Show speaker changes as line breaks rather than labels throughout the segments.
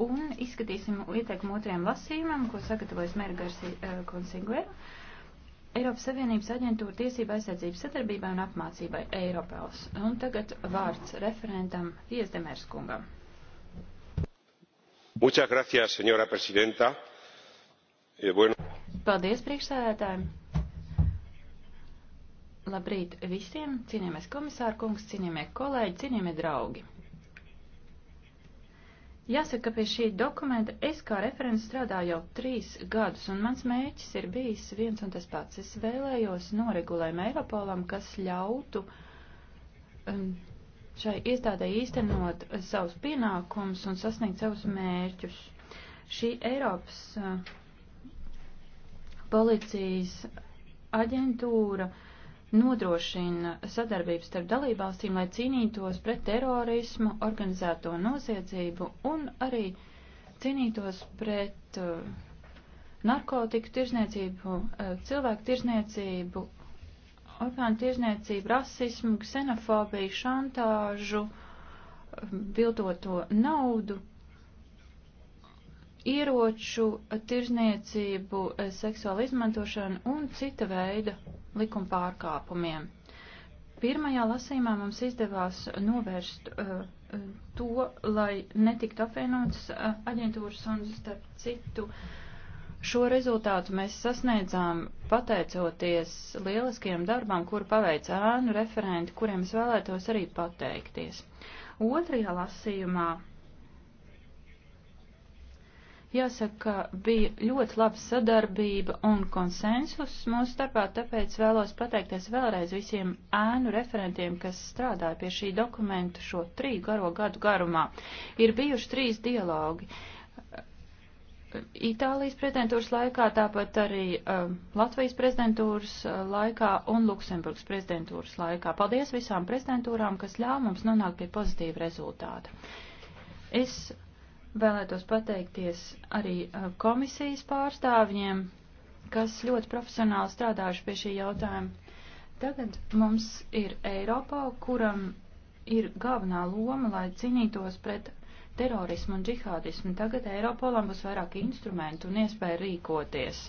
un izskatīsim ieteikumu otrajam lasījumam, ko sagatavojas Mērgars eh, Konsiguera. Eiropas Savienības aģentūra tiesība aizsardzības sadarbībai un apmācībai Eiropels. Un tagad vārds referentam Diezdemērs kungam. Muchas gracias, señora presidenta. E, bueno. Paldies, priekšsēdētāji. Labrīt visiem, cienījamais komisāra kungs, cienījamie kolēģi, cienījamie draugi. Jāsaka, pie šī dokumenta es kā referents strādāju jau trīs gadus, un mans mēķis ir bijis viens un tas pats. Es vēlējos noregulējumu Eiropolam, kas ļautu um, šai iestādē īstenot savus pienākumus un sasniegt savus mērķus. Šī Eiropas uh, policijas aģentūra uh, nodrošina sadarbības starp dalībvalstīm, lai cīnītos pret terorismu, organizēto noziedzību un arī cīnītos pret uh, narkotiku tirzniecību, uh, cilvēku tirzniecību, orgānu tirzniecību, rasismu, ksenofobiju, šantāžu, um, viltoto naudu, ieroču tirzniecību, uh, seksuālu izmantošanu un cita veida likuma pārkāpumiem. Pirmajā lasīmā mums izdevās novērst uh, uh, to, lai netiktu apvienotas uh, aģentūras un starp citu. Šo rezultātu mēs sasniedzām pateicoties lieliskiem darbam, kuru paveic ēnu referenti, kuriem es vēlētos arī pateikties. Otrajā lasījumā Jāsaka, bija ļoti laba sadarbība un konsensus mūsu starpā, tāpēc vēlos pateikties vēlreiz visiem ēnu referentiem, kas strādāja pie šī dokumenta šo triju garo gadu garumā. Ir bijuši trīs dialogi. Itālijas prezidentūras laikā, tāpat arī uh, Latvijas prezidentūras uh, laikā un Luksemburgas prezidentūras laikā. Paldies visām prezidentūrām, kas ļāva mums nonākt pie pozitīva rezultāta. Es Vēlētos pateikties arī uh, komisijas pārstāvjiem, kas ļoti profesionāli strādājuši pie šī jautājuma. Tagad mums ir Eiropā, kuram ir galvenā loma, lai cīnītos pret terorismu un džihādismu. Tagad Eiropolam būs vairāk instrumentu un iespēja rīkoties.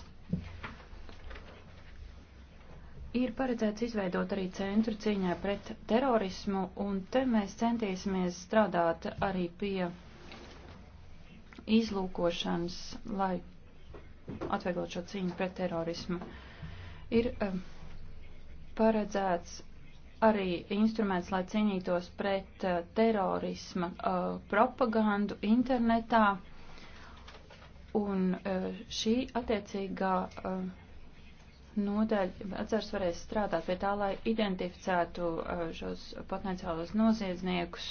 Ir paredzēts izveidot arī centru cīņā pret terorismu, un te mēs centīsimies strādāt arī pie izlūkošanas, lai atvieglot šo cīņu pret terorismu, ir um, paredzēts arī instruments, lai cīnītos pret uh, terorisma uh, propagandu internetā. Un uh, šī attiecīgā nodaļa atzars varēs strādāt pie tā, lai identificētu šos potenciālos noziedzniekus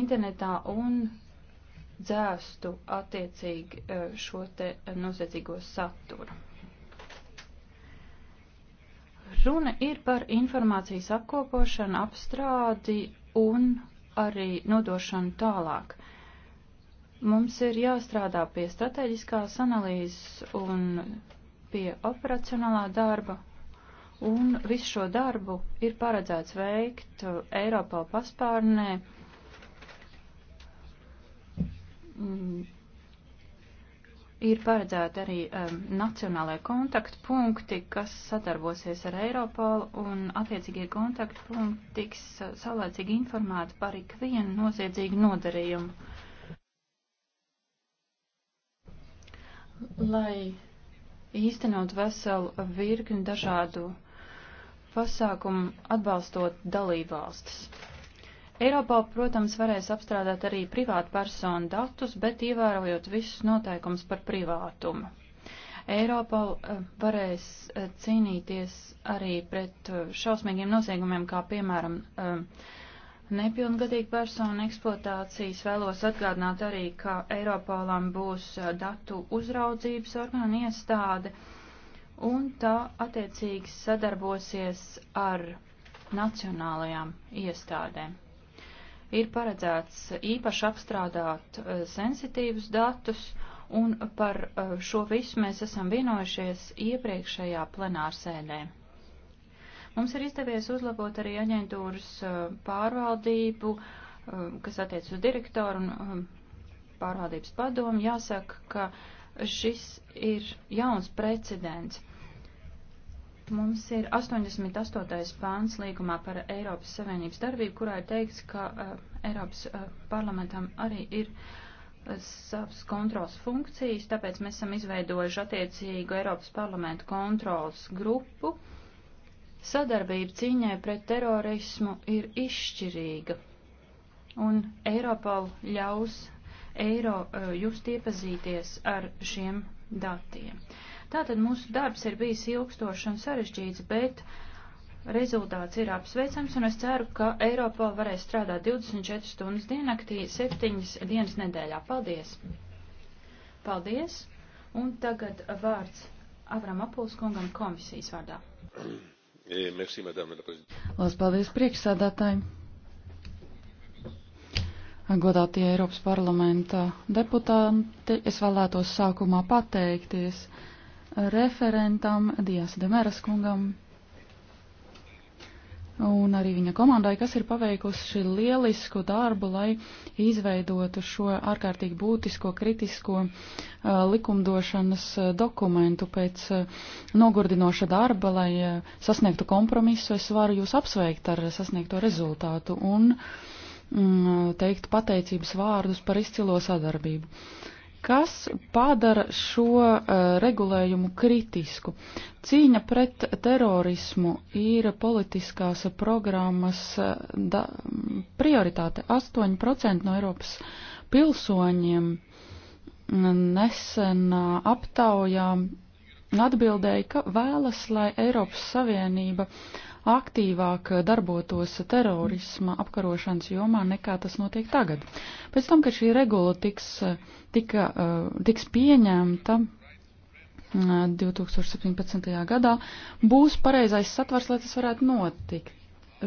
internetā un dzēstu attiecīgi e, šo te noziedzīgo saturu. Runa ir par informācijas apkopošanu, apstrādi un arī nodošanu tālāk. Mums ir jāstrādā pie strateģiskās analīzes un pie operacionālā darba, un visu šo darbu ir paredzēts veikt Eiropā paspārnē Mm. ir paredzēti arī um, nacionālai kontaktpunkti, kas sadarbosies ar Eiropolu, un attiecīgie kontaktpunkti tiks saulēcīgi informēti par ikvienu noziedzīgu nodarījumu. Lai īstenot veselu virkni dažādu pasākumu atbalstot dalībvalstis. Eiropā, protams, varēs apstrādāt arī privātu personu datus, bet ievērojot visus noteikumus par privātumu. Eiropā eh, varēs eh, cīnīties arī pret eh, šausmīgiem noziegumiem, kā piemēram nepilngadīgu personu eksploatācijas. Vēlos atgādināt arī, ka Eiropālam būs datu uzraudzības orgāna iestāde, un tā attiecīgi sadarbosies ar nacionālajām iestādēm ir paredzēts īpaši apstrādāt e, sensitīvus datus, un par e, šo visu mēs esam vienojušies iepriekšējā plenārsēdē. Mums ir izdevies uzlabot arī aģentūras e, pārvaldību, kas attiec uz direktoru un pārvaldības padomu. Jāsaka, ka šis ir jauns precedents. Mums ir 88. pāns līgumā par Eiropas Savienības darbību, kurā ir teikts, ka uh, Eiropas uh, parlamentam arī ir uh, savas kontrols funkcijas, tāpēc mēs esam izveidojuši attiecīgu Eiropas parlamentu kontrols grupu. Sadarbība cīņai pret terorismu ir izšķirīga, un Eiropol ļaus Eiro uh, just iepazīties ar šiem datiem. Uh, Tātad mūsu darbs ir bijis ilgstošs un sarežģīts, bet rezultāts ir apsveicams, un es ceru, ka Eiropol varēs strādāt 24 stundas diennaktī, 7 dienas nedēļā. Paldies! Paldies! Un tagad vārds Avram Apulskungam komisijas vārdā.
Eh, merci, madame la présidente. Lielas paldies priekšsēdētājiem! Godātie Eiropas parlamenta deputāti, es vēlētos sākumā pateikties referentam Dijas Demeras kungam un arī viņa komandai, kas ir paveikusi lielisku darbu, lai izveidotu šo ārkārtīgi būtisko, kritisko uh, likumdošanas dokumentu pēc uh, nogurdinoša darba, lai uh, sasniegtu kompromisu. Es varu jūs apsveikt ar sasniegto rezultātu un mm, teikt pateicības vārdus par izcilo sadarbību kas padara šo uh, regulējumu kritisku. Cīņa pret terorismu ir politiskās programmas eh, da, prioritāte. 8% no Eiropas pilsoņiem nesenā eh, aptaujā atbildēja, ka vēlas, lai Eiropas Savienība aktīvāk darbotos terorisma apkarošanas jomā nekā tas notiek tagad. Pēc tam, kad šī regula tiks, tika, eh, tiks pieņemta, 2017. Eh, gadā būs pareizais satvars, lai tas varētu notikt.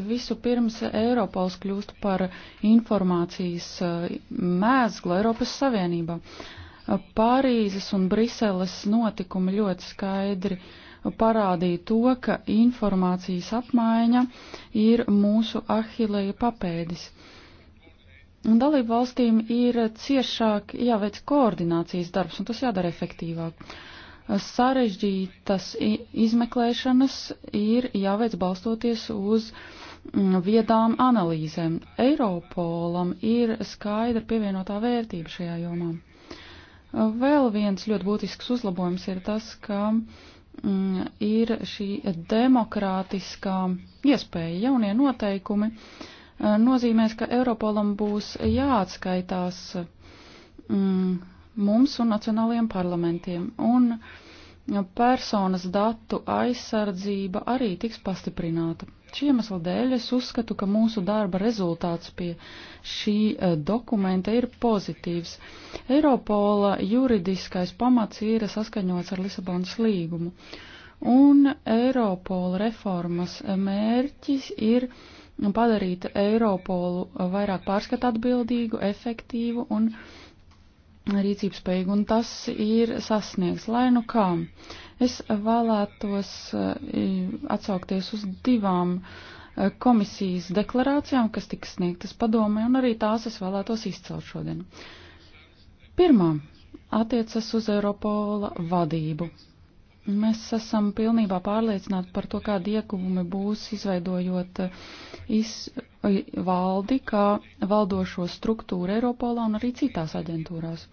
Visu pirms Eiropols kļūst par informācijas eh, mēzglu Eiropas Savienībā. Pārīzes un Briseles notikumi ļoti skaidri uh, parādīja to, ka informācijas apmaiņa ir mūsu ahilēja papēdis. Un dalību valstīm ir ciešāk jāveic koordinācijas darbs, un tas jādara efektīvāk. Sarežģītas izmeklēšanas ir jāveic balstoties uz mm, viedām analīzēm. Eiropolam ir skaidra pievienotā vērtība šajā jomā. Vēl viens ļoti būtisks uzlabojums ir tas, ka uh, Mm, ir šī demokrātiskā iespēja. Jaunie noteikumi eh, nozīmēs, ka Europolam būs jāatskaitās mm, mums un nacionālajiem parlamentiem. Un personas datu aizsardzība arī tiks pastiprināta. Šī iemesla dēļ es uzskatu, ka mūsu darba rezultāts pie šī e, dokumenta ir pozitīvs. Eiropola juridiskais pamats ir saskaņots ar Lisabonas līgumu, un Eiropola reformas mērķis ir padarīt Eiropolu vairāk pārskat atbildīgu, efektīvu un efektīvu rīcības spējīga, un tas ir sasniegs. Lai nu kā, es vēlētos eh, atsaukties uz divām eh, komisijas deklarācijām, kas tika sniegtas padomē, un arī tās es vēlētos izcelt šodien. Pirmā attiecas uz Eiropola vadību. Mēs esam pilnībā pārliecināti par to, kādi ieguvumi būs izveidojot eh, iz, eh, valdi, kā valdošo struktūru Eiropolā un arī citās aģentūrās.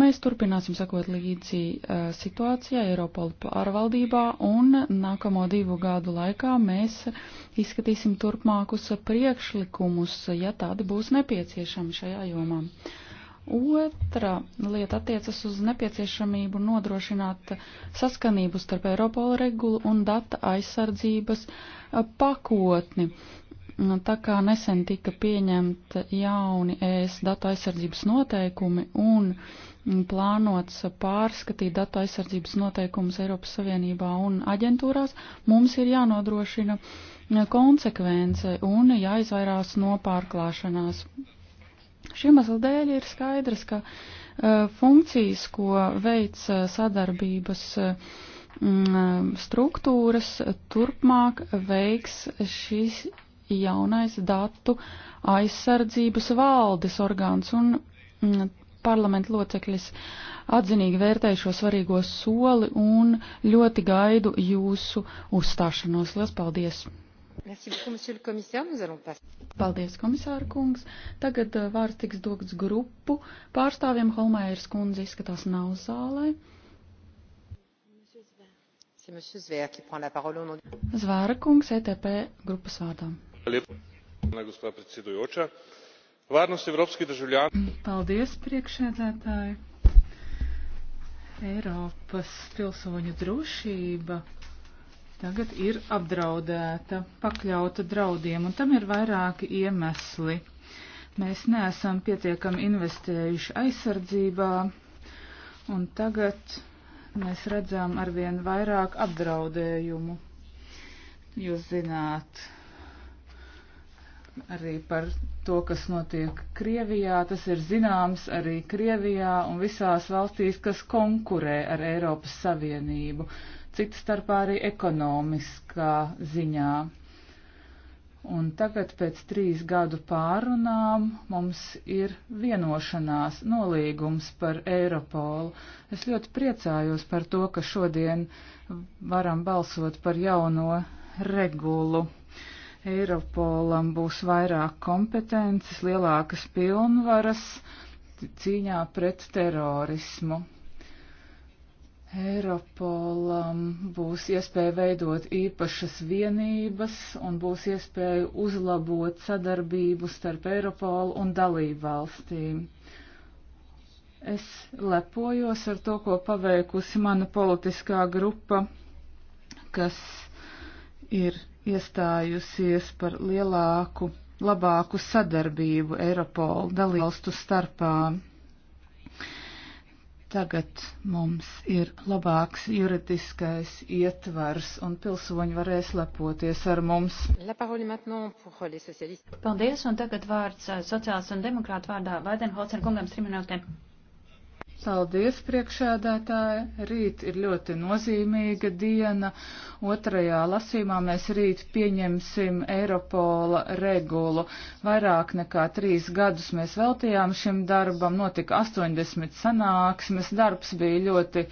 Mēs turpināsim sekot līdzi eh, situācijai Eiropola pārvaldībā un nākamo divu gadu laikā mēs izskatīsim turpmākus priekšlikumus, ja tādi būs nepieciešami šajā jomā. Otra lieta attiecas uz nepieciešamību nodrošināt saskanību starp Eiropola regulu un data aizsardzības pakotni. Tā kā nesen tika pieņemta jauni ES datu aizsardzības noteikumi un plānots pārskatīt datu aizsardzības noteikumus Eiropas Savienībā un aģentūrās, mums ir jānodrošina konsekvence un jāizvairās no pārklāšanās Šiem asla dēļ ir skaidrs, ka eh, funkcijas, ko veic eh, sadarbības mm, eh, struktūras, turpmāk veiks šis jaunais datu aizsardzības valdes orgāns un mm, parlamenta locekļis atzinīgi vērtēju šo svarīgo soli un ļoti gaidu jūsu uzstāšanos. Lielas paldies! Paldies, komisāra kungs. Tagad eh, vārds tiks dots grupu pārstāvjiem. Holmēras kundze izskatās nav zālē. Zvēra kungs, ETP grupas vārdā.
Paldies, priekšēdētāji. Eiropas pilsoņu drošība tagad ir apdraudēta, pakļauta draudiem, un tam ir vairāki iemesli. Mēs neesam pietiekami investējuši aizsardzībā, un tagad mēs redzam arvien vairāk apdraudējumu. Jūs zināt arī par to, kas notiek Krievijā, tas ir zināms arī Krievijā un visās valstīs, kas konkurē ar Eiropas Savienību cita starpā arī ekonomiskā ziņā. Un tagad pēc trīs gadu pārunām mums ir vienošanās nolīgums par Eiropolu. Es ļoti priecājos par to, ka šodien varam balsot par jauno regulu. Eiropolam būs vairāk kompetences, lielākas pilnvaras cīņā pret terorismu. Eiropolam būs iespēja veidot īpašas vienības un būs iespēja uzlabot sadarbību starp Eiropolu un dalību valstīm. Es lepojos ar to, ko paveikusi mana politiskā grupa, kas ir iestājusies par lielāku, labāku sadarbību Eiropolu dalībvalstu starpā. Tagad mums ir labāks juridiskais ietvars un pilsoņi varēs lepoties ar mums.
Paldies, un tagad vārds eh, sociāls un demokrāta vārdā Vaidenholcer kungam trim minūtēm.
Paldies, priekšēdētāji. Rīt ir ļoti nozīmīga diena. Otrajā lasīmā mēs rīt pieņemsim Eiropola regulu. Vairāk nekā trīs gadus mēs veltījām šim darbam. Notika 80 sanāksmes. Darbs bija ļoti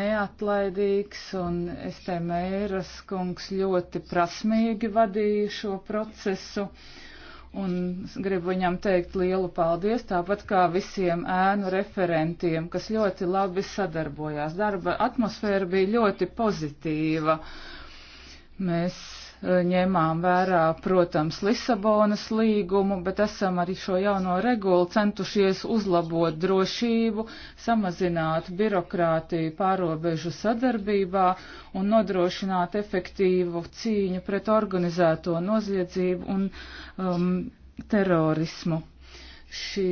neatlaidīgs un es te mēras kungs ļoti prasmīgi vadīju šo procesu. Uh, un gribu viņam teikt lielu paldies, tāpat kā visiem ēnu referentiem, kas ļoti labi sadarbojās. Darba atmosfēra bija ļoti pozitīva. Mēs ņēmām vērā, protams, Lisabonas līgumu, bet esam arī šo jauno regulu centušies uzlabot drošību, samazināt birokrātiju pārobežu sadarbībā un nodrošināt efektīvu cīņu pret organizēto noziedzību un um, terorismu. Šī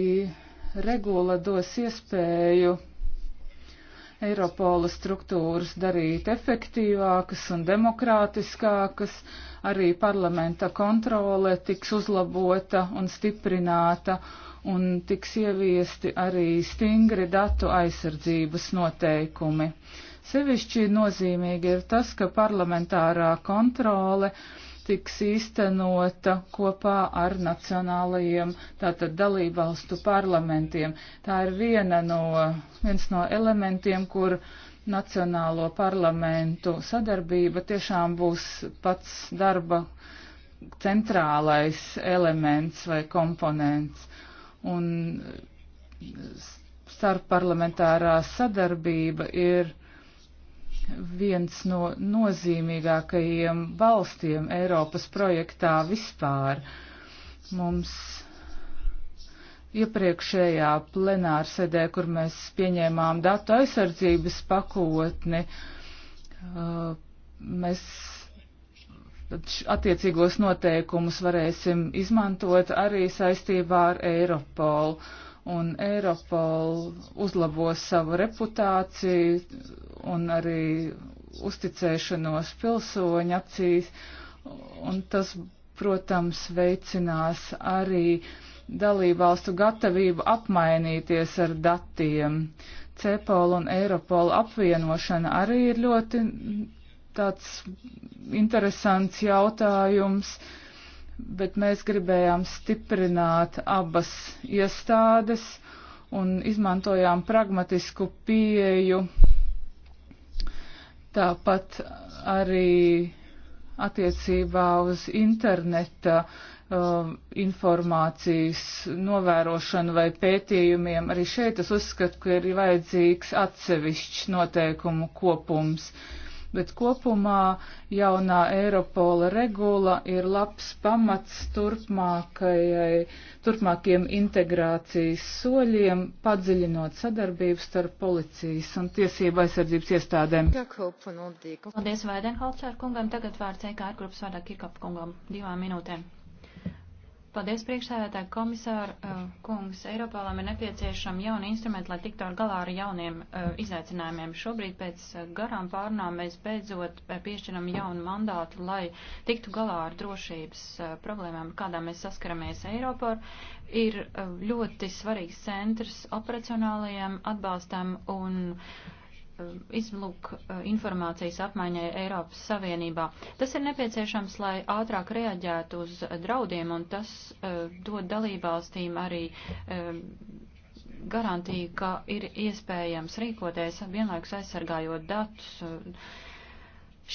regula dos iespēju Eiropola struktūras darīt efektīvākas un demokrātiskākas, arī parlamenta kontrole tiks uzlabota un stiprināta un tiks ieviesti arī stingri datu aizsardzības noteikumi. Sevišķi nozīmīgi ir tas, ka parlamentārā kontrole uh, tiks īstenota kopā ar nacionālajiem, tātad dalībvalstu parlamentiem. Tā ir viena no, viens no elementiem, kur nacionālo parlamentu sadarbība tiešām būs pats darba centrālais elements vai komponents. Un starpparlamentārā sadarbība ir viens no nozīmīgākajiem valstiem Eiropas projektā vispār. Mums iepriekšējā plenārsēdē, kur mēs pieņēmām datu aizsardzības pakotni, uh, mēs attiecīgos noteikumus varēsim izmantot arī saistībā ar Eiropolu un Eiropol uzlabo savu reputāciju un arī uzticēšanos pilsoņu acīs, un tas, protams, veicinās arī dalībvalstu gatavību apmainīties ar datiem. CEPOL un Eiropol apvienošana arī ir ļoti tāds interesants jautājums. Uh, bet mēs gribējām stiprināt abas iestādes un izmantojām pragmatisku pieju. Tāpat arī attiecībā uz interneta uh, informācijas novērošanu vai pētījumiem. Arī šeit es uzskatu, ka ir vajadzīgs atsevišķs noteikumu kopums. Uh, bet kopumā jaunā Eiropola regula ir labs pamats turpmākiem integrācijas soļiem, padziļinot sadarbību starp policijas un tiesību aizsardzības iestādēm.
Paldies Vaidenholcer kungam, tagad vārds EKR grupas vārdā Kirkap kungam divām minūtēm. Paldies, priekšsēdētāji komisāri, uh, kungs. Eiropālam ir nepieciešama jauna instrumenta, lai tiktu ar galā ar jauniem uh, izaicinājumiem. Šobrīd pēc uh, garām pārnām mēs beidzot uh, piešķiram jaunu mandātu, lai tiktu galā ar drošības uh, problēmām, kādā mēs saskaramies Eiropā. Ir uh, ļoti svarīgs centrs operacionālajiem atbalstam un uh, Eh, izlūk eh, informācijas apmaiņai Eiropas Savienībā. Tas ir nepieciešams, lai ātrāk reaģētu uz draudiem, un tas uh, dod dalībvalstīm arī um, garantiju, ka ir iespējams rīkoties vienlaikus aizsargājot datus.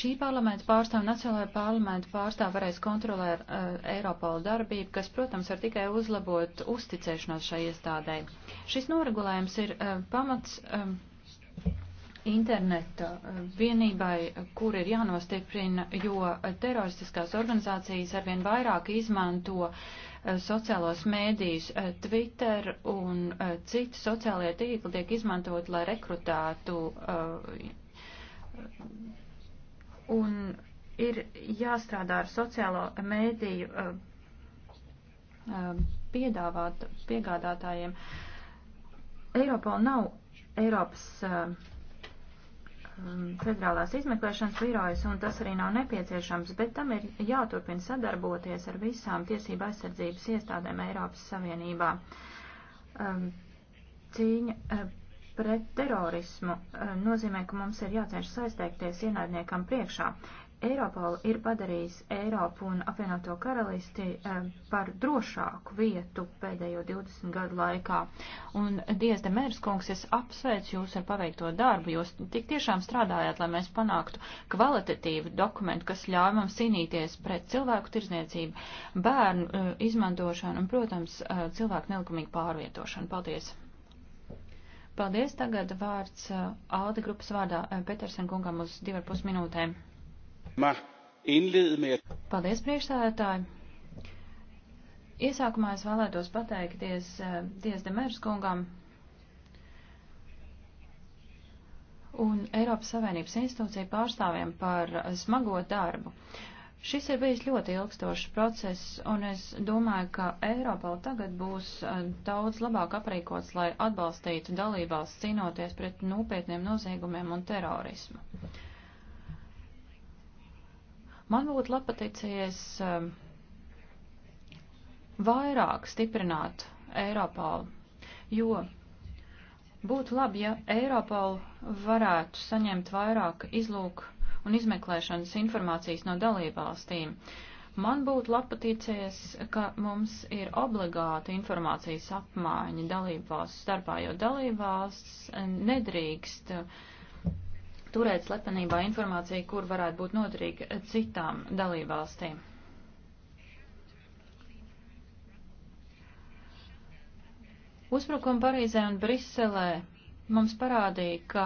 Šī parlamenta pārstāv, Nacionālajā parlamenta pārstāv varēs kontrolēt uh, Eiropola darbību, kas, protams, var tikai uzlabot uzticēšanos šai iestādē. Šis noregulējums ir uh, pamats. Uh, interneta vienībai, kur ir jānostiprina, jo teroristiskās organizācijas arvien vairāk izmanto eh, sociālos mēdījus. Eh, Twitter un eh, citi sociālie tīkli tiek izmantot, lai rekrutētu. Un ir jāstrādā ar sociālo mēdīju piedāvāt, piegādātājiem. Eiropola nav Eiropas uh, Um, federālās izmeklēšanas birojas, un tas arī nav nepieciešams, bet tam ir jāturpina sadarboties ar visām tiesība aizsardzības iestādēm Eiropas Savienībā. Um, cīņa uh, pret terorismu uh, nozīmē, ka mums ir jācenšas aizteikties ienaidniekam priekšā. Eiropola ir padarījis Eiropu un apvienoto karalisti eh, par drošāku vietu pēdējo 20 gadu laikā. Un, Dievs, Demērs kungs, es apsveicu jūs ar paveikto darbu. Jūs tik tiešām strādājāt, lai mēs panāktu kvalitatīvu dokumentu, kas ļauj mums cīnīties pret cilvēku tirzniecību, bērnu eh, izmantošanu un, protams, eh, cilvēku nelikumīgu pārvietošanu. Paldies! Paldies, tagad vārds Alde grupas vārdā Petersen kungam uz 2,5 minūtēm.
Paldies,
priekšstādātāji! Iesākumā es vēlētos pateikties eh, Diezde Mērskungam un Eiropas Savienības institūciju pārstāvjiem par eh, smago darbu. Šis ir bijis ļoti ilgstošs process, un es domāju, ka Eiropā tagad būs eh, daudz labāk aprīkots, lai atbalstītu dalībās cīnoties pret nopietniem noziegumiem un terorismu. Man būtu labi pateicies um, vairāk stiprināt Eiropālu, jo būtu labi, ja Eiropālu varētu saņemt vairāk izlūk un izmeklēšanas informācijas no dalībvalstīm. Man būtu labi pateicies, ka mums ir obligāta informācijas apmaiņa dalībvalstu starpā, jo dalībvalsts nedrīkst uh, turēt slepenībā informāciju, kur varētu būt noderīga citām dalībvalstīm. Uzbrukumi Parīzē un Briselē mums parādīja, ka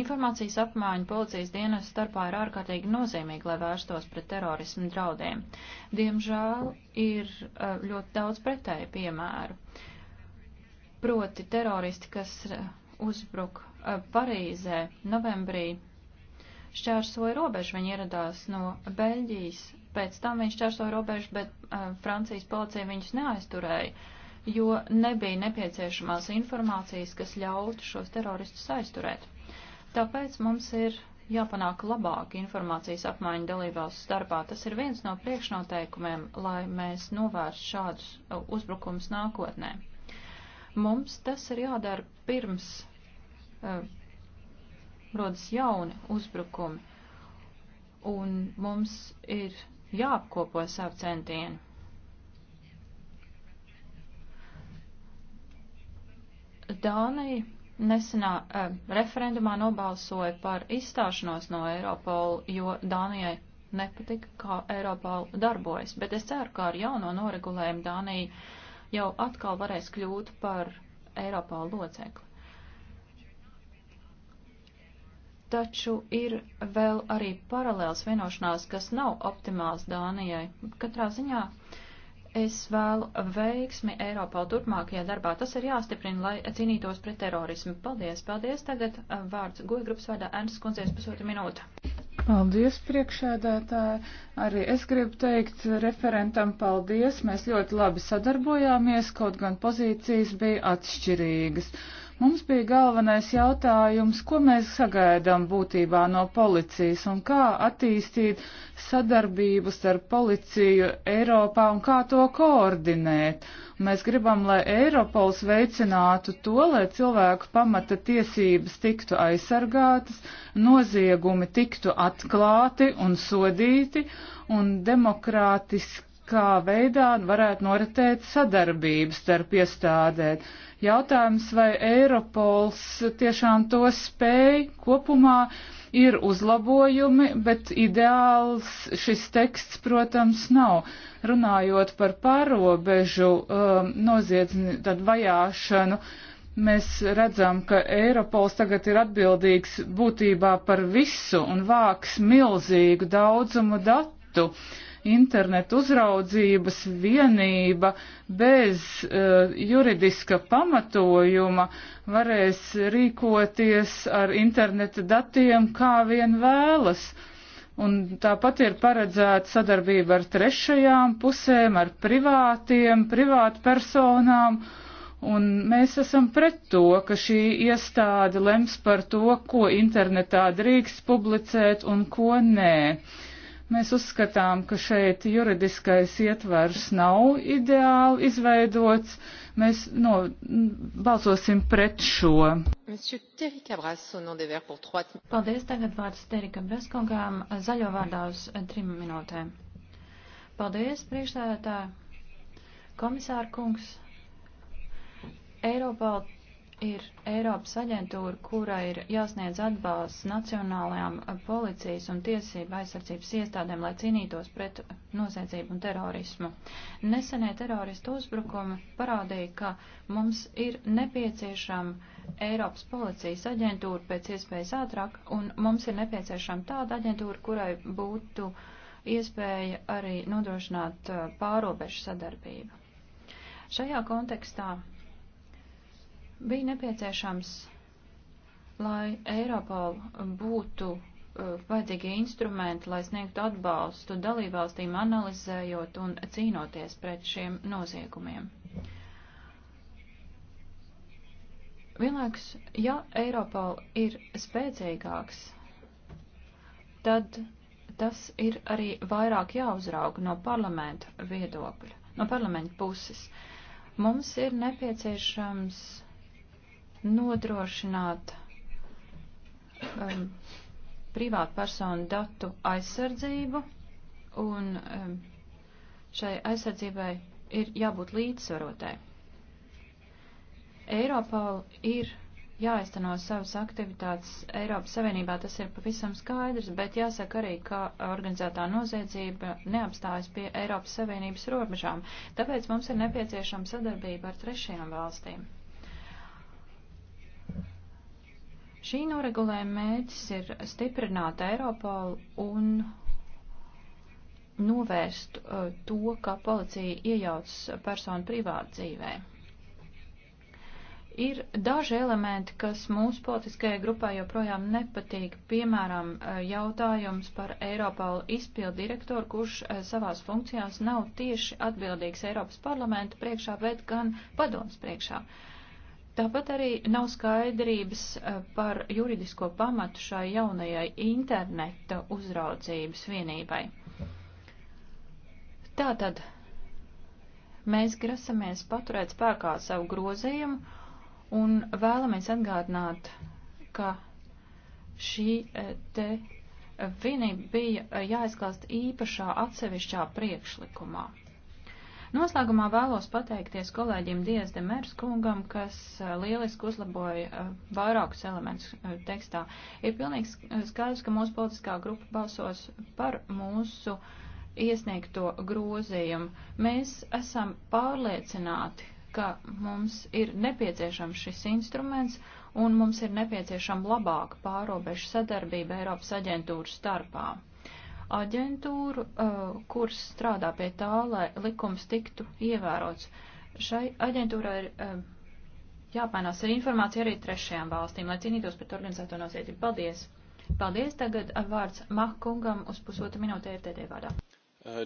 informācijas apmaiņa policijas dienas starpā ir ārkārtīgi nozīmīga, lai vērstos pret terorismu draudiem. Diemžēl ir ļoti daudz pretēju piemēru. Proti teroristi, kas uzbruk Eh, Parīzē novembrī šķērsoja robežu. Viņi ieradās no Beļģijas, pēc tam viņš šķērsoja robežu, bet uh, Francijas policija viņus neaizturēja, jo nebija nepieciešamās informācijas, kas ļautu šos teroristus aizturēt. Tāpēc mums ir jāpanāk labāka informācijas apmaiņa dalībās starpā. Tas ir viens no priekšnoteikumiem, lai mēs novērstu šādus eh, uzbrukumus nākotnē. Mums tas ir jādara pirms uh, rodas jauni uzbrukumi, un mums ir jāapkopo savu centienu. Dānija nesenā uh, referendumā nobalsoja par izstāšanos no Eiropola, jo Dānijai nepatika, kā Eiropola darbojas, bet es ceru, ka ar jauno noregulējumu Dānija jau atkal varēs kļūt par Eiropola locekli. taču ir vēl arī paralēls vienošanās, kas nav optimāls Dānijai. Katrā ziņā es vēlu veiksmi Eiropā turpmākajā darbā. Tas ir jāstiprina, lai cīnītos pret terorismu. Paldies, paldies. Tagad uh, vārds goja grupas vārdā Ernsts Kunzies pusotru
minūtu. Paldies, priekšēdētāji. Arī es gribu teikt referentam paldies. Mēs ļoti labi sadarbojāmies, kaut gan pozīcijas bija atšķirīgas. Mums bija galvenais jautājums, ko mēs sagaidām būtībā no policijas un kā attīstīt sadarbību starp policiju Eiropā un kā to koordinēt. Mēs gribam, lai Eiropols veicinātu to, lai cilvēku pamata tiesības tiktu aizsargātas, noziegumi tiktu atklāti un sodīti un demokrātiski kā veidā varētu noritēt sadarbības starp iestādēm. Jautājums, vai Eiropols tiešām to spēj kopumā, ir uzlabojumi, bet ideāls šis teksts, protams, nav. Runājot par pārobežu um, noziedzni, tad vajāšanu, mēs redzam, ka Eiropols tagad ir atbildīgs būtībā par visu un vāks milzīgu daudzumu datu. Uh, internetu uzraudzības vienība bez uh, juridiska pamatojuma varēs rīkoties ar interneta datiem, kā vien vēlas. Un tāpat ir paredzēta sadarbība ar trešajām pusēm, ar privātiem, privātu personām. Un mēs esam pret to, ka šī iestāde lems par to, ko internetā drīkst publicēt un ko nē. Uh, Mēs uzskatām, ka šeit juridiskais ietvers nav ideāli izveidots. Mēs no, balsosim pret šo.
Paldies, tagad vārds Terikam Breskogām, zaļo vārdā uz trim minūtēm. Paldies, priekšstādātāji, komisāra kungs. Eiropā ir Eiropas aģentūra, kura ir jāsniedz atbalsts nacionālajām policijas un tiesību aizsardzības iestādēm, lai cīnītos pret noziedzību un terorismu. Nesenie teroristu uzbrukumi parādīja, ka mums ir nepieciešama Eiropas policijas aģentūra pēc iespējas ātrāk, un mums ir nepieciešama tāda aģentūra, kurai būtu iespēja arī nodrošināt uh, pārobežu sadarbību. Šajā kontekstā Bija nepieciešams, lai Eiropā būtu uh, vajadzīgie instrumenti, lai sniegtu atbalstu dalībvalstīm analizējot un cīnoties pret šiem noziegumiem. Vienlaikus, ja Eiropol ir spēcīgāks, tad tas ir arī vairāk jāuzrauga no parlamenta viedokļa, no parlamenta puses. Mums ir nepieciešams nodrošināt um, privātu personu datu aizsardzību, un um, šai aizsardzībai ir jābūt līdzsvarotai. Eiropol ir jāizteno savas aktivitātes Eiropas Savienībā, tas ir pavisam skaidrs, bet jāsaka arī, ka organizētā noziedzība neapstājas pie Eiropas Savienības robežām, tāpēc mums ir nepieciešama sadarbība ar trešajām valstīm. Šī noregulējuma mērķis ir stiprināt Eiropolu un novērst uh, to, ka policija iejaucas personu privātu dzīvē. Ir daži elementi, kas mūsu politiskajai grupai joprojām nepatīk, piemēram, uh, jautājums par Eiropālu izpildu direktoru, kurš uh, savās funkcijās nav tieši atbildīgs Eiropas parlamenta priekšā, bet gan padomas priekšā. Uh, Tāpat arī nav skaidrības eh, par juridisko pamatu šai jaunajai interneta uzraudzības vienībai. Tātad mēs grasamies paturēt spēkā savu grozījumu un vēlamies atgādināt, ka šī eh, te vienība bija eh, jāizklāst īpašā atsevišķā priekšlikumā. Noslēgumā vēlos pateikties kolēģim Dievs Demers kungam, kas eh, lieliski uzlaboja eh, vairākus elementus eh, tekstā. Ir pilnīgi skaidrs, ka mūsu politiskā grupa balsos par mūsu iesniegto grozījumu. Mēs esam pārliecināti, ka mums ir nepieciešams šis instruments un mums ir nepieciešama labāka pārobežu sadarbība Eiropas aģentūru starpā aģentūru, uh, kuras strādā pie tā, lai likums tiktu ievērots. Šai aģentūrai ir uh, jāpainās ar informāciju arī trešajām valstīm, lai cīnītos pret organizēto noziedzību. Paldies! Paldies! Tagad uh, vārds Mahkungam uz pusotru minūti RTD vārdā.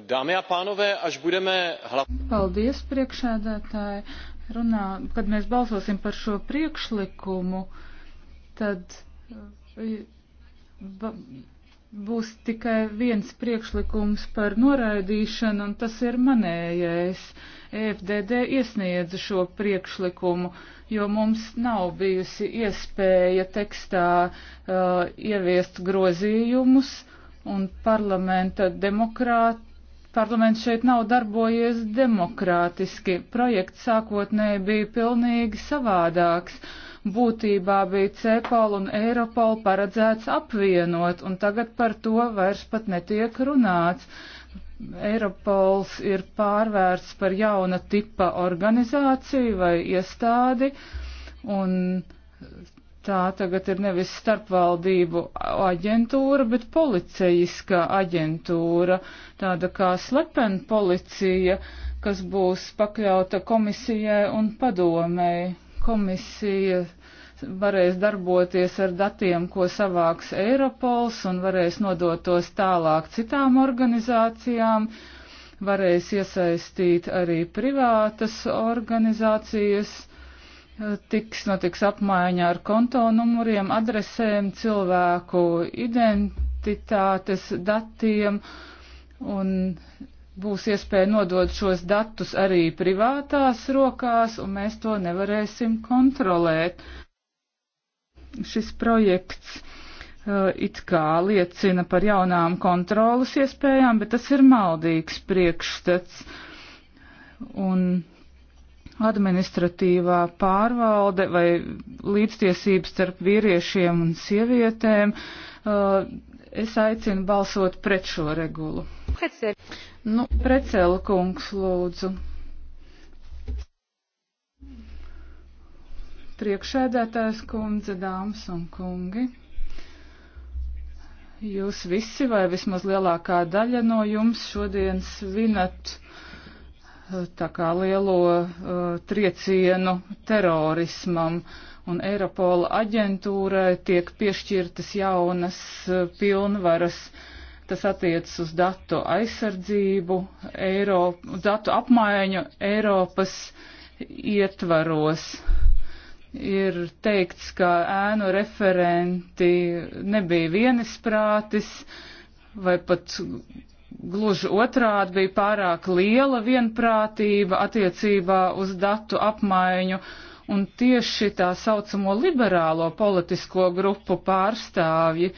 Dámy a pánové, až budeme hlasovat.
Paldies, priekšēdētāji. Runā, kad mēs balsosim par šo priekšlikumu, tad būs tikai viens priekšlikums par noraidīšanu, un tas ir manējais. EFDD iesniedza šo priekšlikumu, jo mums nav bijusi iespēja tekstā uh, ieviest grozījumus, un parlamenta demokrāt, parlaments šeit nav darbojies demokrātiski. Projekts sākotnēji bija pilnīgi savādāks. Uh, Būtībā bija CEPOL un Eiropol paredzēts apvienot, un tagad par to vairs pat netiek runāts. Eiropols ir pārvērts par jauna tipa organizāciju vai iestādi, un tā tagad ir nevis starpvaldību aģentūra, bet policijiska aģentūra, tāda kā slepen policija, kas būs pakļauta komisijai un padomēji komisija varēs darboties ar datiem, ko savāks Eiropols un varēs nodot tos tālāk citām organizācijām, varēs iesaistīt arī privātas organizācijas, tiks notiks apmaiņa ar kontonumuriem, adresēm, cilvēku identitātes datiem un būs iespēja nodot šos datus arī privātās rokās, un mēs to nevarēsim kontrolēt. Šis projekts uh, it kā liecina par jaunām kontrolas iespējām, bet tas ir maldīgs priekšstats. Un administratīvā pārvalde vai līdztiesības starp vīriešiem un sievietēm uh, Es aicinu balsot pret šo regulu. Precel. Nu, precelu kungs, lūdzu. Priekšēdētājs kundze, dāmas un kungi. Jūs visi, vai vismaz lielākā daļa no jums šodien svinat eh, tā kā lielo uh, triecienu terorismam. Uh, un Eiropola aģentūrai tiek piešķirtas jaunas eh, pilnvaras. Tas attiecas uz datu aizsardzību, Eiropa, datu apmaiņu Eiropas ietvaros. Ir teikts, ka ēnu referenti nebija vienisprātis vai pat gluži otrādi bija pārāk liela vienprātība attiecībā uz datu apmaiņu uh, un tieši tā saucamo liberālo politisko grupu pārstāvji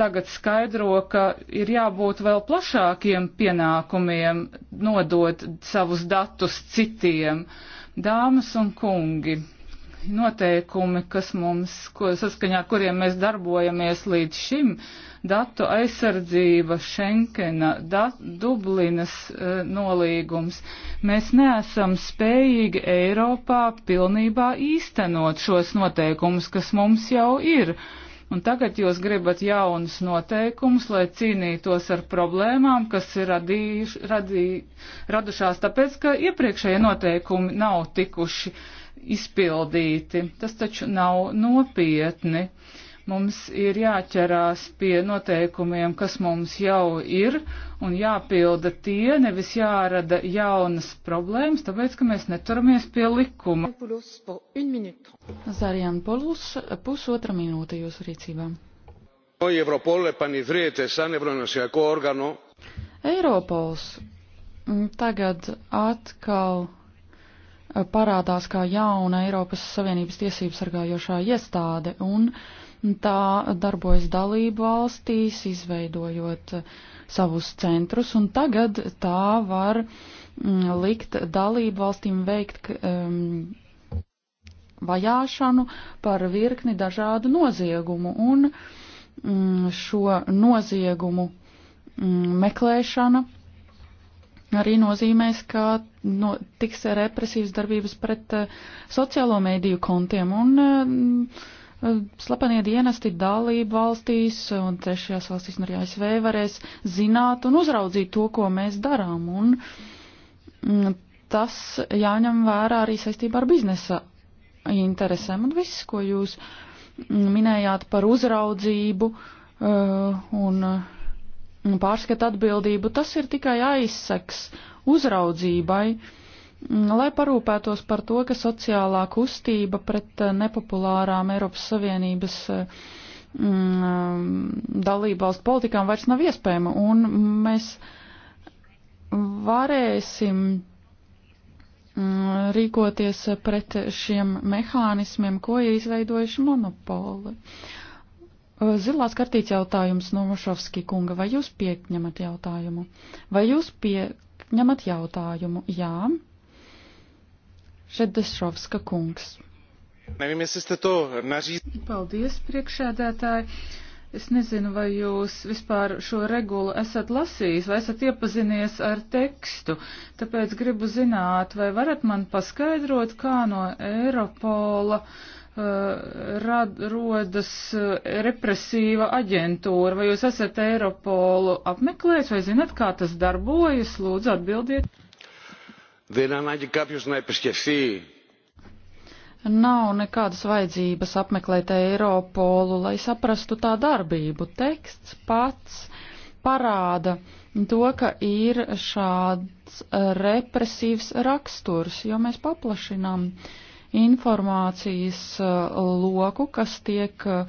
tagad skaidro, ka ir jābūt vēl plašākiem pienākumiem nodot savus datus citiem. Dāmas un kungi, noteikumi, kas mums, ko, saskaņā kuriem mēs darbojamies līdz šim, datu aizsardzība, Šenkena, dat, Dublinas uh, nolīgums, mēs neesam spējīgi Eiropā pilnībā īstenot šos noteikumus, kas mums jau ir. Un tagad jūs gribat jaunus noteikumus, lai cīnītos ar problēmām, kas ir radījuši, radī, radušās tāpēc, ka iepriekšējie noteikumi nav tikuši uh, izpildīti. Tas taču nav nopietni. Mums ir jāķerās pie noteikumiem, kas mums jau ir, un jāpilda tie, nevis jārada jaunas problēmas, tāpēc, ka mēs neturamies pie likuma. Zarijan Polus, pusotra minūte jūsu rīcībā.
Europols mm, tagad atkal parādās kā jauna Eiropas Savienības tiesības sargājošā iestāde, un tā darbojas dalību valstīs, izveidojot savus centrus, un tagad tā var mm, likt dalību valstīm veikt um, vajāšanu par virkni dažādu noziegumu, un um, šo noziegumu um, meklēšana arī nozīmēs, ka no, tiks represijas darbības pret eh, sociālo mēdīju kontiem un eh, eh, slepenie dienesti dalību valstīs un trešajās valstīs un arī ASV varēs zināt un uzraudzīt to, ko mēs darām. Un mm, tas jāņem vērā arī saistībā ar biznesa interesēm un viss, ko jūs mm, minējāt par uzraudzību un mm, pārskatu atbildību, tas ir tikai aizseks uzraudzībai, mm, lai parūpētos par to, ka sociālā kustība pret eh, nepopulārām Eiropas Savienības eh, mm, dalību valstu politikām vairs nav iespējama, un mēs varēsim mm, rīkoties pret šiem mehānismiem, ko ir izveidojuši monopoli. Eh, zilās kartīts jautājums no Mošovski kunga. Vai jūs pieņemat jautājumu? Vai jūs pie, ņemat jautājumu. Jā. Šedešovska kungs.
Nevim, es te to nažīst.
Paldies, priekšēdētāji. Es nezinu, vai jūs vispār šo regulu esat lasījis vai esat iepazinies ar tekstu, tāpēc gribu zināt, vai varat man paskaidrot, kā no Eiropola uh, Eh, rad, rodas eh, represīva aģentūra. Vai jūs esat Eiropolu apmeklējis vai zinat, kā tas darbojas? Lūdzu, atbildiet. Nav
nekādas vajadzības apmeklēt Eiropolu, lai saprastu tā darbību. Teksts pats parāda to, ka ir šāds eh, represīvs raksturs, jo mēs paplašinām uh, informācijas uh, loku, kas tiek uh,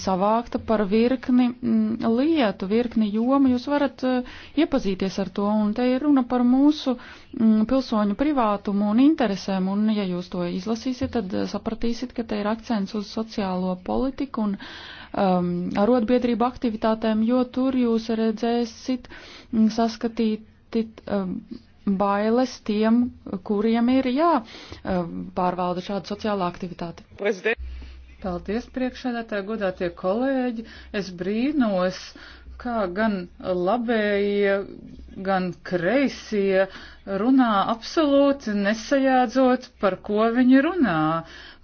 savākta par virkni mm, lietu, virkni jomu. Jūs varat uh, iepazīties ar to, un te ir runa par mūsu mm, pilsoņu privātumu un interesēm, un ja jūs to izlasīsiet, tad sapratīsiet, ka te ir akcents uz sociālo politiku un um, arotbiedrību aktivitātēm, jo tur jūs redzēsit, mm, saskatīt. Um, bailes tiem, kuriem ir jāpārvalda šāda sociālā aktivitāte.
Prezident. Paldies priekšādātāji, godātie kolēģi. Es brīnos, kā gan labējie, gan kreisie runā absolūti nesajādzot, par ko viņi runā.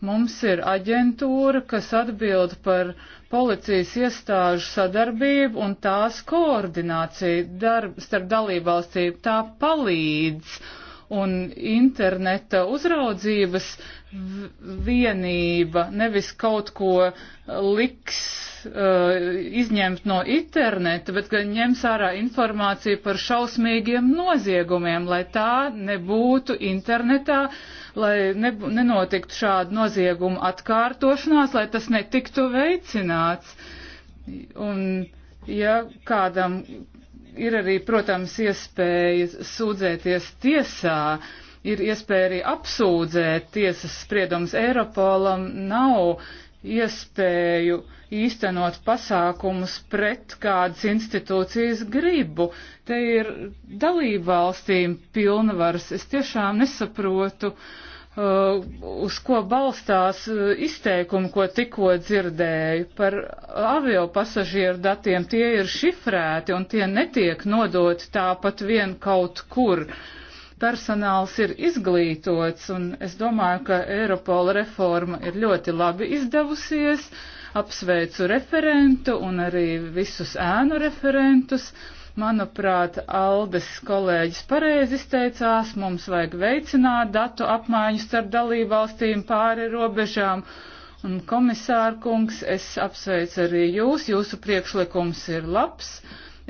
Mums ir aģentūra, kas atbild par policijas iestāžu sadarbību un tās koordināciju darb, starp dalībvalstīm. Tā palīdz un interneta uzraudzības vienība, nevis kaut ko liks uh, izņemt no interneta, bet gan ņems ārā informāciju par šausmīgiem noziegumiem, lai tā nebūtu internetā, lai ne, nenotiktu šādu noziegumu atkārtošanās, lai tas netiktu veicināts. Un, ja kādam ir arī, protams, iespēja sūdzēties tiesā, uh, ir iespēja arī apsūdzēt tiesas spriedums Eiropolam, nav iespēju īstenot pasākumus pret kādas institūcijas gribu. Te ir dalībvalstīm pilnvars. Es tiešām nesaprotu, uh, uz ko balstās uh, izteikumi, ko tikko dzirdēju par avio pasažieru datiem. Tie ir šifrēti un tie netiek nodoti tāpat vien kaut kur. Uh, personāls ir izglītots, un es domāju, ka Eiropola reforma ir ļoti labi izdevusies. Apsveicu referentu un arī visus ēnu referentus. Manuprāt, Aldes kolēģis pareizi izteicās, mums vajag veicināt datu apmaiņu starp dalībvalstīm pāri robežām. Un komisārkungs, es apsveicu arī jūs, jūsu priekšlikums ir labs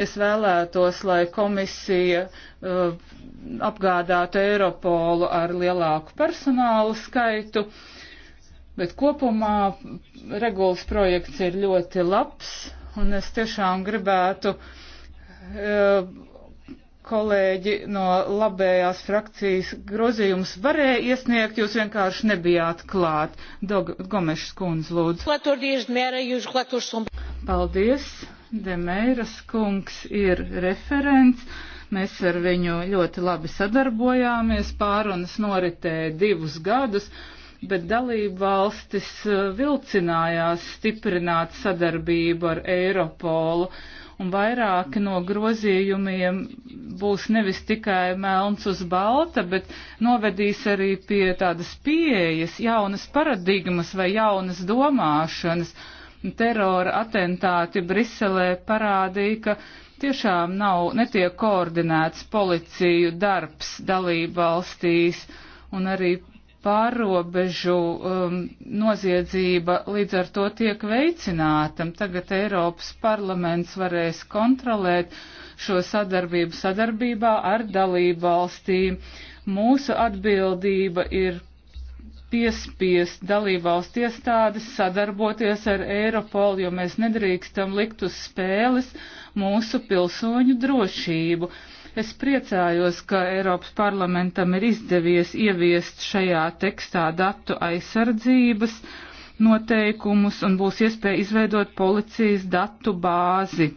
Es vēlētos, lai komisija uh, apgādātu Eiropolu ar lielāku personālu skaitu, bet kopumā regulas projekts ir ļoti labs, un es tiešām gribētu uh, kolēģi no labējās frakcijas grozījums varēja iesniegt, jūs vienkārši nebijāt klāt. Dog Gomešs kundz, lūdzu. E Paldies. Demeiras kungs ir referents. Mēs ar viņu ļoti labi sadarbojāmies, pārunas noritēja divus gadus, bet dalība valstis eh, vilcinājās stiprināt sadarbību ar Eiropolu, un vairāki no grozījumiem būs nevis tikai melns uz balta, bet novedīs arī pie tādas pieejas, jaunas paradigmas vai jaunas domāšanas terora atentāti Briselē parādīja, ka tiešām nav, netiek koordinēts policiju darbs dalībvalstīs un arī pārobežu um, noziedzība līdz ar to tiek veicināta. Tagad Eiropas parlaments varēs kontrolēt šo sadarbību sadarbībā ar dalībvalstīm. Mūsu atbildība ir piespiest dalībvalstu iestādes sadarboties ar Eiropolu, jo mēs nedrīkstam likt uz spēles mūsu pilsoņu drošību. Es priecājos, ka Eiropas parlamentam ir izdevies ieviest šajā tekstā datu aizsardzības noteikumus un būs iespēja izveidot policijas datu bāzi.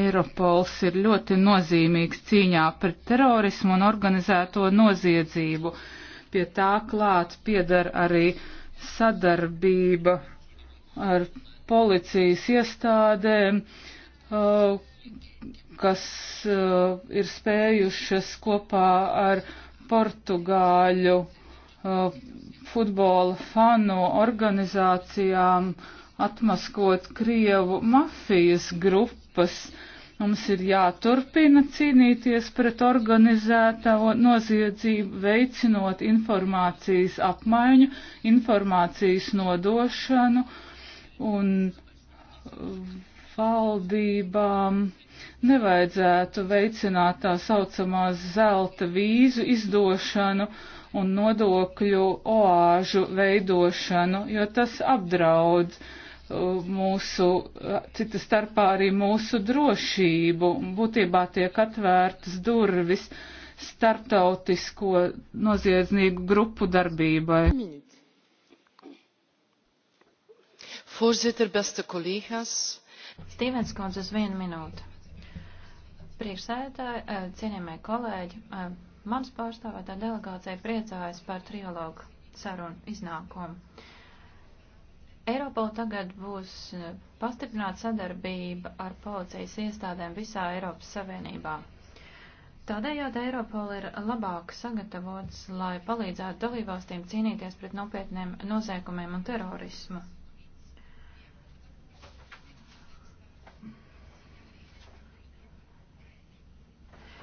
Eiropols ir ļoti nozīmīgs cīņā pret terorismu un organizēto noziedzību Pie tā klāt piedar arī sadarbība ar policijas iestādēm, uh, kas uh, ir spējušas kopā ar Portugāļu uh, futbola fanu organizācijām atmaskot Krievu mafijas grupas, uh, Mums ir jāturpina cīnīties pret organizēto noziedzību, veicinot informācijas apmaiņu, informācijas nodošanu un uh, valdībām nevajadzētu veicināt tā saucamās zelta vīzu izdošanu un nodokļu oāžu veidošanu, jo tas apdraud uh, mūsu, cita starpā arī mūsu drošību. Būtībā tiek atvērtas durvis starptautisko noziedzīgu grupu darbībai.
Voorzitter, beste collega's. Stīvens
Konzes, viena minūte. Priekšsēdētāji, eh, cienījamie kolēģi, eh, mans pārstāvētā delegācija priecājas par trialogu sarunu iznākumu. Eiropol tagad būs eh, pastiprināta sadarbība ar policijas iestādēm visā Eiropas Savienībā. Tādējādi Eiropol ir labāk sagatavots, lai palīdzētu dalībvalstīm cīnīties pret nopietniem noziegumiem un terorismu.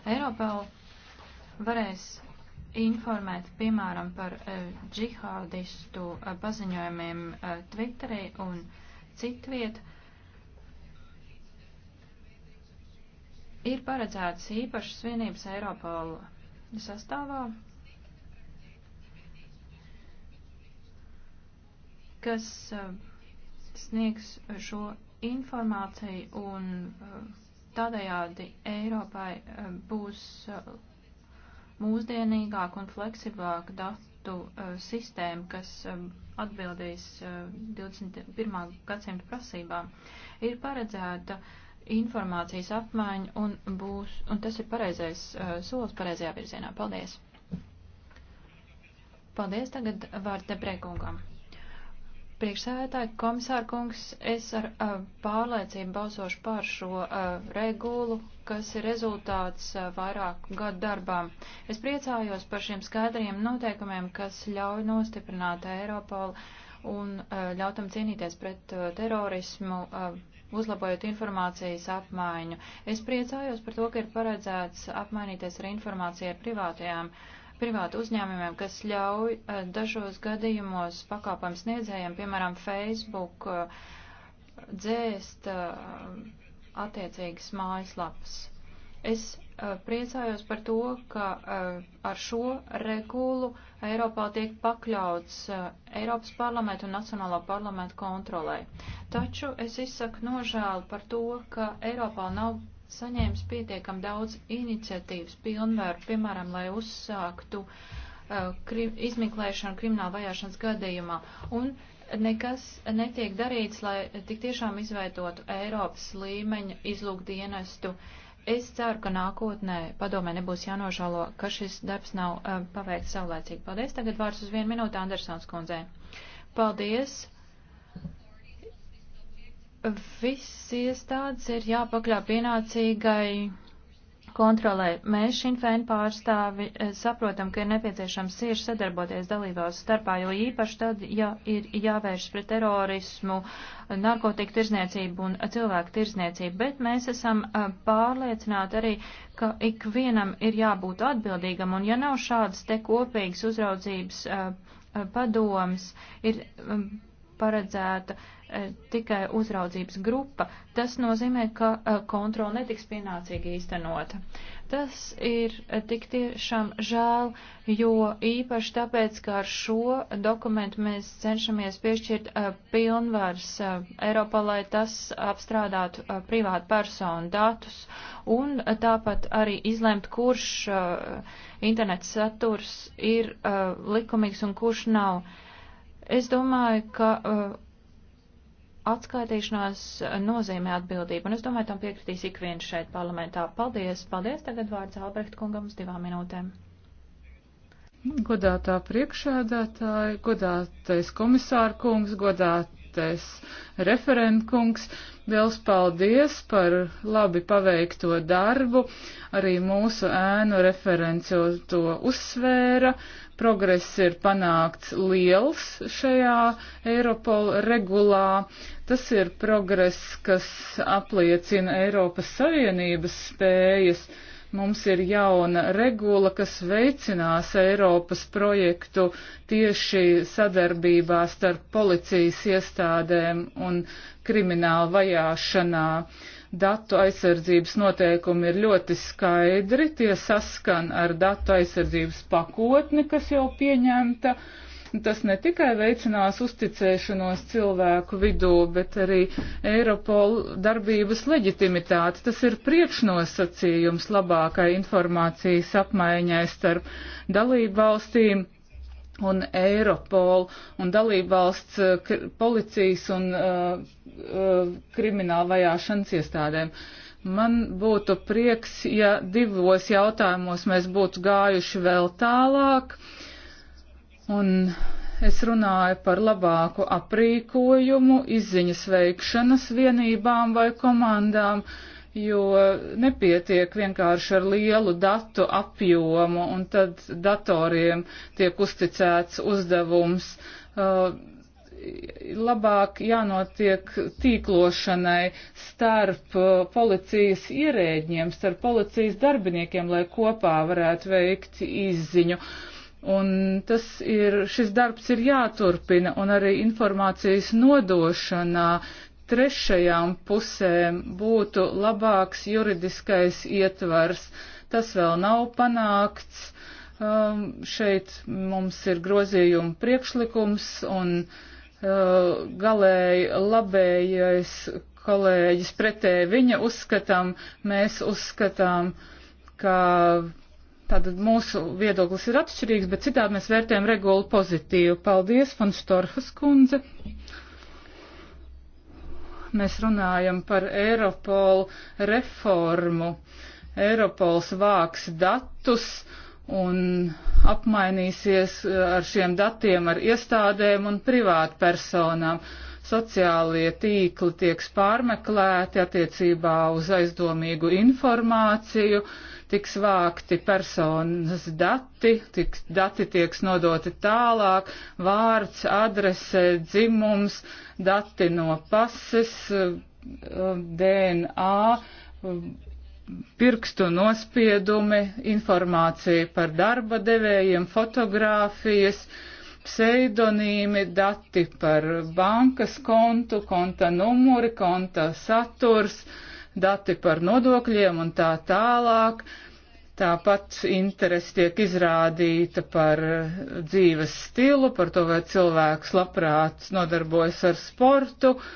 Eiropol varēs informēt, piemēram, par e, džihādistu e, paziņojumiem e, Twitterī un citviet. Ir paredzētas īpašas vienības Eiropola sastāvā, kas sniegs šo informāciju un tādējādi Eiropai būs mūsdienīgāku un fleksivāku datu uh, eh, sistēmu, kas um, atbildīs uh, eh, 21. gadsimta prasībām, ir paredzēta informācijas apmaiņa un, būs, un tas ir pareizais uh, solis pareizajā virzienā. Paldies! Paldies tagad vārds Debrekungam. Priekšsēdētāji, komisāra kungs, es ar uh, pārliecību balsošu par šo uh, regulu, kas ir rezultāts uh, vairāku gadu darbām. Es priecājos par šiem skaidriem noteikumiem, kas ļauj nostiprināt Eiropolu un uh, ļautam cīnīties pret uh, terorismu, uh, uzlabojot informācijas apmaiņu. Es priecājos par to, ka ir paredzēts apmainīties ar informāciju ar privātajām. Uh, privātu uzņēmumiem, kas ļauj eh, dažos gadījumos pakāpams sniedzējiem, piemēram, Facebook, eh, dzēst eh, attiecīgas mājaslapas. Es priecājos par to, ka ar šo regulu Eiropā tiek pakļauts Eiropas parlamentu un Nacionālo parlamentu kontrolē. Taču es izsaku nožēlu par to, ka Eiropā nav saņēmis pietiekam daudz iniciatīvas pilnvaru, piemēram, lai uzsāktu uh, krim, izmeklēšanu krimināla vajāšanas gadījumā. Un nekas netiek darīts, lai tik tiešām izveidotu Eiropas līmeņa izlūkdienestu. Es ceru, ka nākotnē padomē nebūs jānožālo, ka šis darbs nav uh, paveikts saulēcīgi. Paldies. Tagad vārds uz vienu minūtu Andersons kundzei. Paldies. Viss iestādes ir jāpakļā pienācīgai kontrolē. Mēs Šinfēna pārstāvi eh, saprotam, ka ir nepieciešams cieši sadarboties dalībās starpā, jo īpaši tad, ja ir jāvērš pret terorismu, narkotiku tirzniecību un cilvēku tirzniecību, bet mēs esam eh, pārliecināti arī, ka ikvienam ir jābūt atbildīgam, un ja nav šādas te kopīgas uzraudzības eh, padomas, ir mm, paredzēta E, tikai uzraudzības grupa, tas nozīmē, ka e, kontrola netiks pienācīgi īstenota. Tas ir e, tik tiešām žēl, jo īpaši tāpēc, ka ar šo dokumentu mēs cenšamies piešķirt pilnvars Eiropā, lai tas apstrādātu privātu personu datus un tāpat arī izlemt, kurš internets saturs ir likumīgs un kurš nav. Es domāju, ka uh, atskaitīšanās nozīmē atbildību, un es domāju, tam piekritīs ik viens šeit parlamentā. Paldies, paldies, tagad vārds Albrecht kungam uz divām minūtēm.
Godātā priekšēdētāja, godātais komisāra kungs, godātais referent kungs, liels paldies par labi paveikto darbu. Arī mūsu ēnu referents jau to uzsvēra. Progress ir panākts liels šajā Eiropola regulā. Tas ir progress, kas apliecina Eiropas Savienības spējas. Mums ir jauna regula, kas veicinās Eiropas projektu tieši sadarbībā starp policijas iestādēm un kriminālu vajāšanā. Uh, Datu aizsardzības noteikumi ir ļoti skaidri, tie saskan ar datu aizsardzības pakotni, kas jau pieņemta. Tas ne tikai veicinās uzticēšanos cilvēku vidū, bet arī Eiropola darbības leģitimitāti. Tas ir priekšnosacījums labākai informācijas apmaiņai starp dalību valstīm un Eiropolu un dalībvalsts eh, kr policijas un uh, uh, krimināla vajāšanas iestādēm. Man būtu prieks, ja divos jautājumos mēs būtu gājuši vēl tālāk. Un es runāju par labāku aprīkojumu, izziņas veikšanas vienībām vai komandām. Uh, jo nepietiek vienkārši ar lielu datu apjomu, un tad datoriem tiek uzticēts uzdevums. Uh, labāk jānotiek tīklošanai starp uh, policijas ierēģiem, starp policijas darbiniekiem, lai kopā varētu veikt izziņu. Un tas ir, šis darbs ir jāturpina, un arī informācijas nodošanā trešajām pusēm būtu labāks juridiskais ietvars. Tas vēl nav panākts. Um, šeit mums ir grozījuma priekšlikums un uh, galēji labējais kolēģis pretēji viņa uzskatām, mēs uzskatām, ka tātad mūsu viedoklis ir atšķirīgs, bet citādi mēs vērtējam regulu pozitīvu. Paldies, Fonštorhas kundze. Uh, mēs runājam par Eiropolu reformu. Eiropols vāks datus un apmainīsies eh, ar šiem datiem ar iestādēm un privātpersonām. personām sociālie tīkli tiek pārmeklēti attiecībā uz aizdomīgu informāciju, tiks vākti personas dati, tiks, dati tiek nodoti tālāk, vārds, adrese, dzimums, dati no pases, um, DNA, um, pirkstu nospiedumi, informācija par darba devējiem, fotogrāfijas, uh, pseidonīmi, dati par bankas kontu, konta numuri, konta saturs, dati par nodokļiem un tā tālāk. Tāpat interesi tiek izrādīta par dzīves stilu, par to, vai cilvēks labprāt nodarbojas ar sportu. Uh,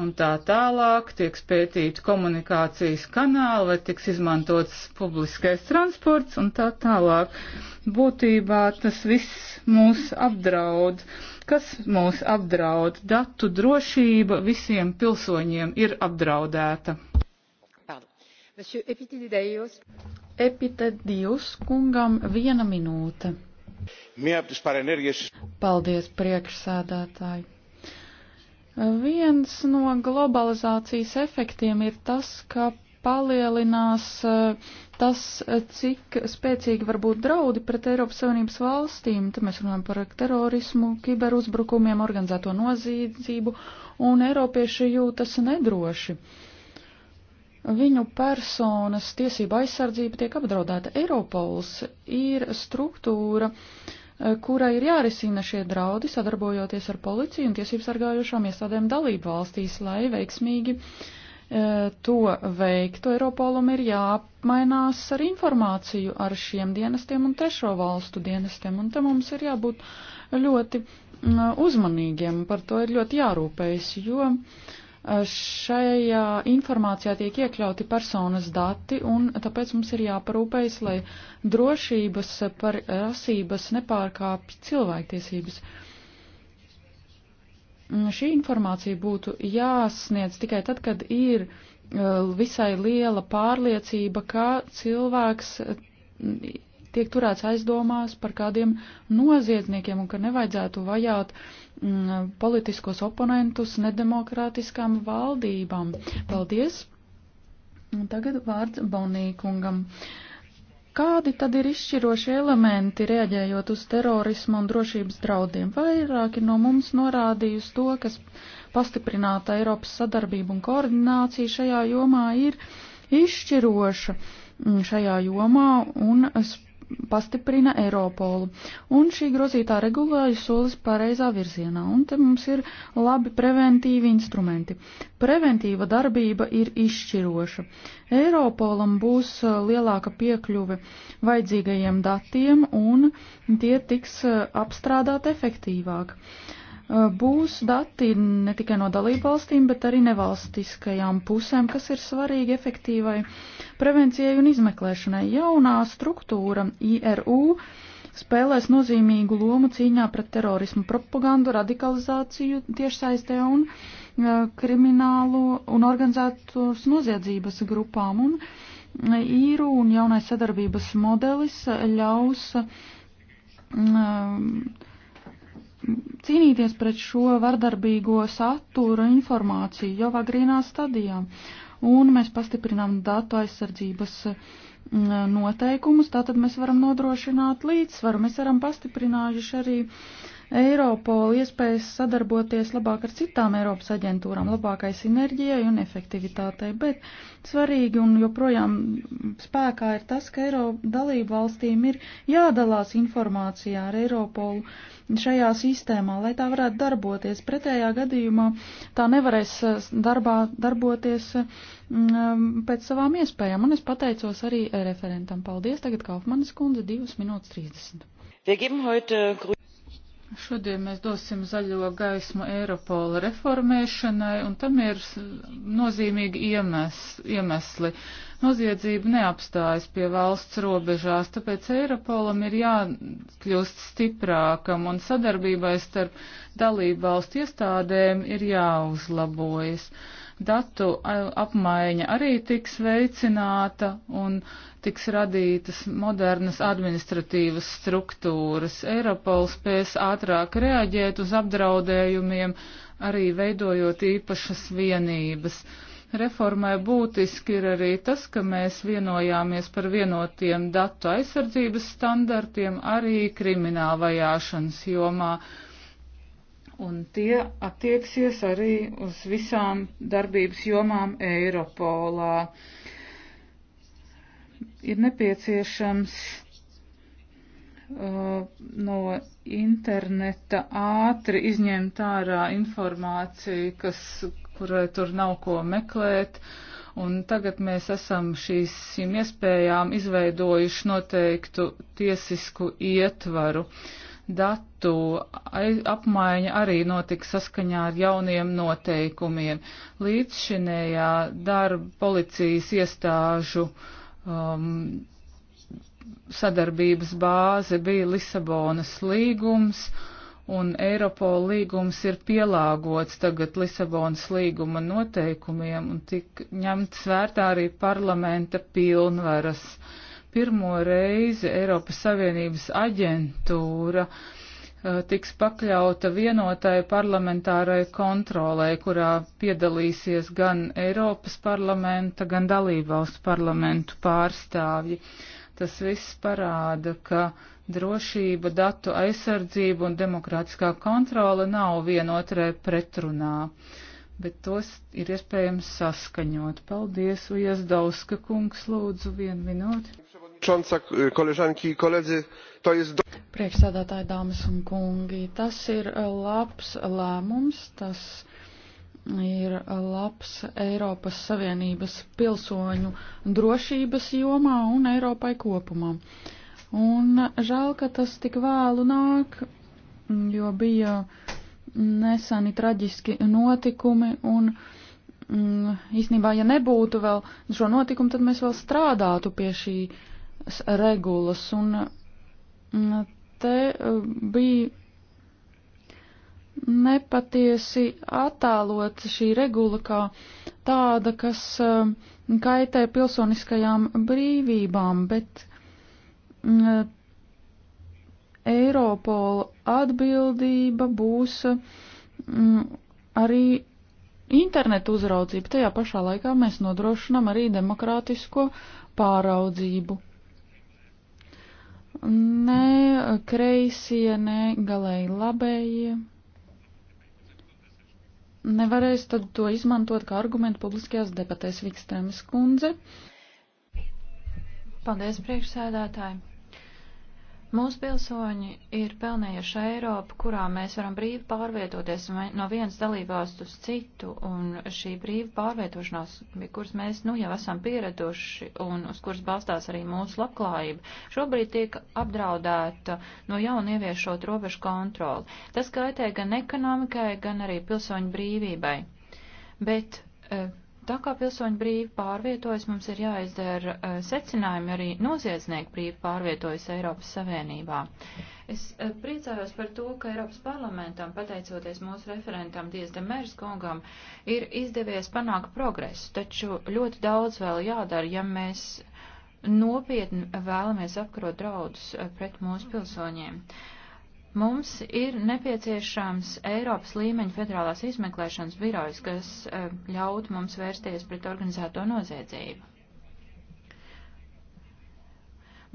un tā tālāk, tiek spētīti komunikācijas kanāli, vai tiks izmantots publiskais transports un tā tālāk. Būtībā tas viss mūs apdraud. Kas mūs apdraud? Datu drošība visiem pilsoņiem ir apdraudēta.
Epitēdijus kungam viena minūte. Paldies, priekšsēdētāji Viens no globalizācijas efektiem ir tas, ka palielinās eh, tas, eh, cik spēcīgi var būt draudi pret Eiropas Savienības valstīm. Te mēs runājam par terorismu, kiberuzbrukumiem, organizēto noziedzību, un Eiropieši jūtas nedroši. Viņu personas tiesība aizsardzība tiek apdraudēta. Eiropols ir struktūra, uh, Eh, kurai ir jārisina šie draudi, sadarbojoties ar policiju un tiesību sargājušām iestādēm dalību valstīs, lai veiksmīgi eh, to veiktu. Eiropolam ir jāapmainās ar informāciju ar šiem dienestiem un trešo valstu dienestiem, un te mums ir jābūt ļoti mm, uzmanīgiem, par to ir ļoti jārūpējas, jo uh, Šajā informācijā tiek iekļauti personas dati, un tāpēc mums ir jāparūpējas, lai drošības par rasības nepārkāpj cilvēktiesības. Šī informācija būtu jāsniedz tikai tad, kad ir uh, visai liela pārliecība, ka cilvēks tiek turēts aizdomās par kādiem noziedzniekiem un ka nevajadzētu vajāt mm, politiskos oponentus nedemokrātiskām valdībām. Paldies! Un tagad vārds Bonīkungam. Kādi tad ir izšķirošie elementi reaģējot uz terorismu un drošības draudiem? Vairāki no mums norādījusi to, kas pastiprināta Eiropas sadarbība un koordinācija šajā jomā ir izšķiroša mm, šajā jomā un pastiprina Eiropolu. Un šī grozītā regulēja solis pareizā virzienā, un te mums ir labi preventīvi instrumenti. Preventīva darbība ir izšķiroša. Eiropolam būs uh, lielāka piekļuve vajadzīgajiem datiem, un tie tiks uh, apstrādāt efektīvāk. Uh, Uh, būs dati ne tikai no dalībvalstīm, bet arī nevalstiskajām pusēm, kas ir svarīgi efektīvai prevencijai un izmeklēšanai. Jaunā struktūra IRU spēlēs nozīmīgu lomu cīņā pret terorismu propagandu, radikalizāciju tiešsaistē un uh, kriminālu un organizētos noziedzības grupām. Un uh, īru un jaunais sadarbības modelis ļaus um, cīnīties pret šo vardarbīgo saturu informāciju jau agrīnā stadijā. Un mēs pastiprinām datu aizsardzības mm, noteikumus, tātad mēs varam nodrošināt līdzsvaru. Mēs varam pastiprinājuši arī uh, Eiropola iespējas sadarboties labāk ar citām Eiropas aģentūrām, labākai sinerģijai un efektivitātei, bet svarīgi un joprojām spēkā ir tas, ka Eiropa dalību valstīm ir jādalās informācijā ar Eiropolu šajā sistēmā, lai tā varētu darboties. Pretējā gadījumā tā nevarēs eh, darbā, darboties m, mm, eh, pēc savām iespējām. Un es pateicos arī referentam. Paldies, tagad Kaufmanis kundze, 2 minūtes 30.
Šodien mēs dosim zaļo gaismu Eiropola reformēšanai, un tam ir nozīmīgi iemes, iemesli. Noziedzība neapstājas pie valsts robežās, tāpēc Eiropolam ir jākļūst stiprākam, un sadarbībai starp dalību valstu iestādēm ir jāuzlabojas. Datu apmaiņa arī tiks veicināta, un tiks radītas modernas administratīvas struktūras. Eiropols spēs ātrāk reaģēt uz apdraudējumiem, arī veidojot īpašas vienības. Reformai būtiski ir arī tas, ka mēs vienojāmies par vienotiem datu aizsardzības standartiem arī krimināla vajāšanas jomā, un tie attieksies arī uz visām darbības jomām Eiropolā ir nepieciešams uh, no interneta ātri izņemt ārā informāciju, kas, kurai tur nav ko meklēt. Un tagad mēs esam šīs iespējām izveidojuši noteiktu tiesisku ietvaru. Datu apmaiņa arī notika saskaņā ar jauniem noteikumiem. Līdzšinējā darba policijas iestāžu uh, um, sadarbības bāze bija Lisabonas līgums, un Eiropola līgums ir pielāgots tagad Lisabonas līguma noteikumiem, un tik ņemts vērtā arī parlamenta pilnvaras. Pirmo reizi Eiropas Savienības aģentūra uh, Eh, tiks pakļauta vienotai parlamentārai kontrolē, kurā piedalīsies gan Eiropas parlamenta, gan dalībvalstu parlamentu pārstāvji. Tas viss parāda, ka drošība, datu aizsardzība un demokrātiskā kontrole nav vienotrai pretrunā, bet tos ir iespējams saskaņot. Paldies, Ujazdauska kungs, lūdzu, vienu minūti
przewodnicząca! koleżanki i koledzy!
to jest. priekšsēdētāji dāmas un kungi tas ir labs lēmums tas ir labs Eiropas Savienības pilsoņu drošības jomā un Eiropai kopumā. Un žēl, ka tas tik vēlu nāk, jo bija nesani traģiski notikumi un mm, īstenībā, ja nebūtu vēl šo notikumu, tad mēs vēl strādātu pie šī regulas, un mm, te eh, bija nepatiesi attēlot šī regula kā tāda, kas eh, kaitē pilsoniskajām brīvībām, bet mm, Eiropola atbildība būs mm, arī internetu uzraudzība. Tajā pašā laikā mēs nodrošinām arī demokrātisko pāraudzību ne kreisie, ne galēji labējie nevarēs tad to izmantot kā argumentu publiskajās debatēs Vikstrēmas kundze.
Paldies, priekšsēdētāji! Mūsu pilsoņi ir pelnējuši Eiropu, kurā mēs varam brīvi pārvietoties no vienas dalībvalsts uz citu, un šī brīva pārvietošanās, pie kuras mēs nu jau esam pieraduši un uz kuras balstās arī mūsu labklājība, šobrīd tiek apdraudēta no jauna ieviešot robežu kontroli. Tas kaitē gan ekonomikai, gan arī pilsoņu brīvībai. Bet, uh, Tā kā pilsoņi brīvi pārvietojas, mums ir jāizdara uh, secinājumi arī noziedznieki brīvi pārvietojas Eiropas Savienībā. Es uh, priecājos par to, ka Eiropas parlamentam, pateicoties mūsu referentam Diezde Mērs kungam, ir izdevies panākt progresu, taču ļoti daudz vēl jādara, ja mēs nopietni vēlamies apkarot draudus eh, pret mūsu pilsoņiem. Uh, Mums ir nepieciešams Eiropas līmeņa federālās izmeklēšanas birojas, kas e, ļaut mums vērsties pret organizēto noziedzību.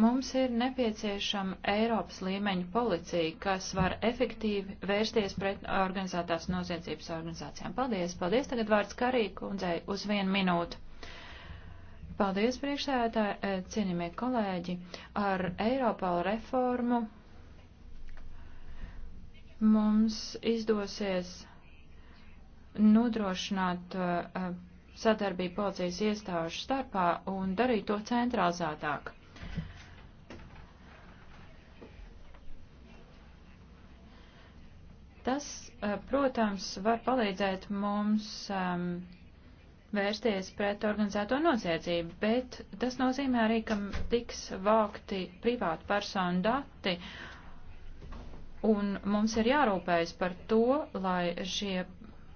Mums ir nepieciešama Eiropas līmeņa policija, kas var efektīvi vērsties pret organizētās noziedzības organizācijām. Paldies! Paldies! Tagad vārds Karīku un dzēju uz vienu minūtu. Paldies, priekšsēdētāji, e, cienījamie kolēģi! Ar Eiropālu reformu mums izdosies nodrošināt uh, sadarbību policijas iestāžu starpā un darīt to centralizētāk. Tas, uh, protams, var palīdzēt mums um, vērsties pret organizēto noziedzību, bet tas nozīmē arī, ka tiks vākti privātu personu dati Un mums ir jārūpējas par to, lai šie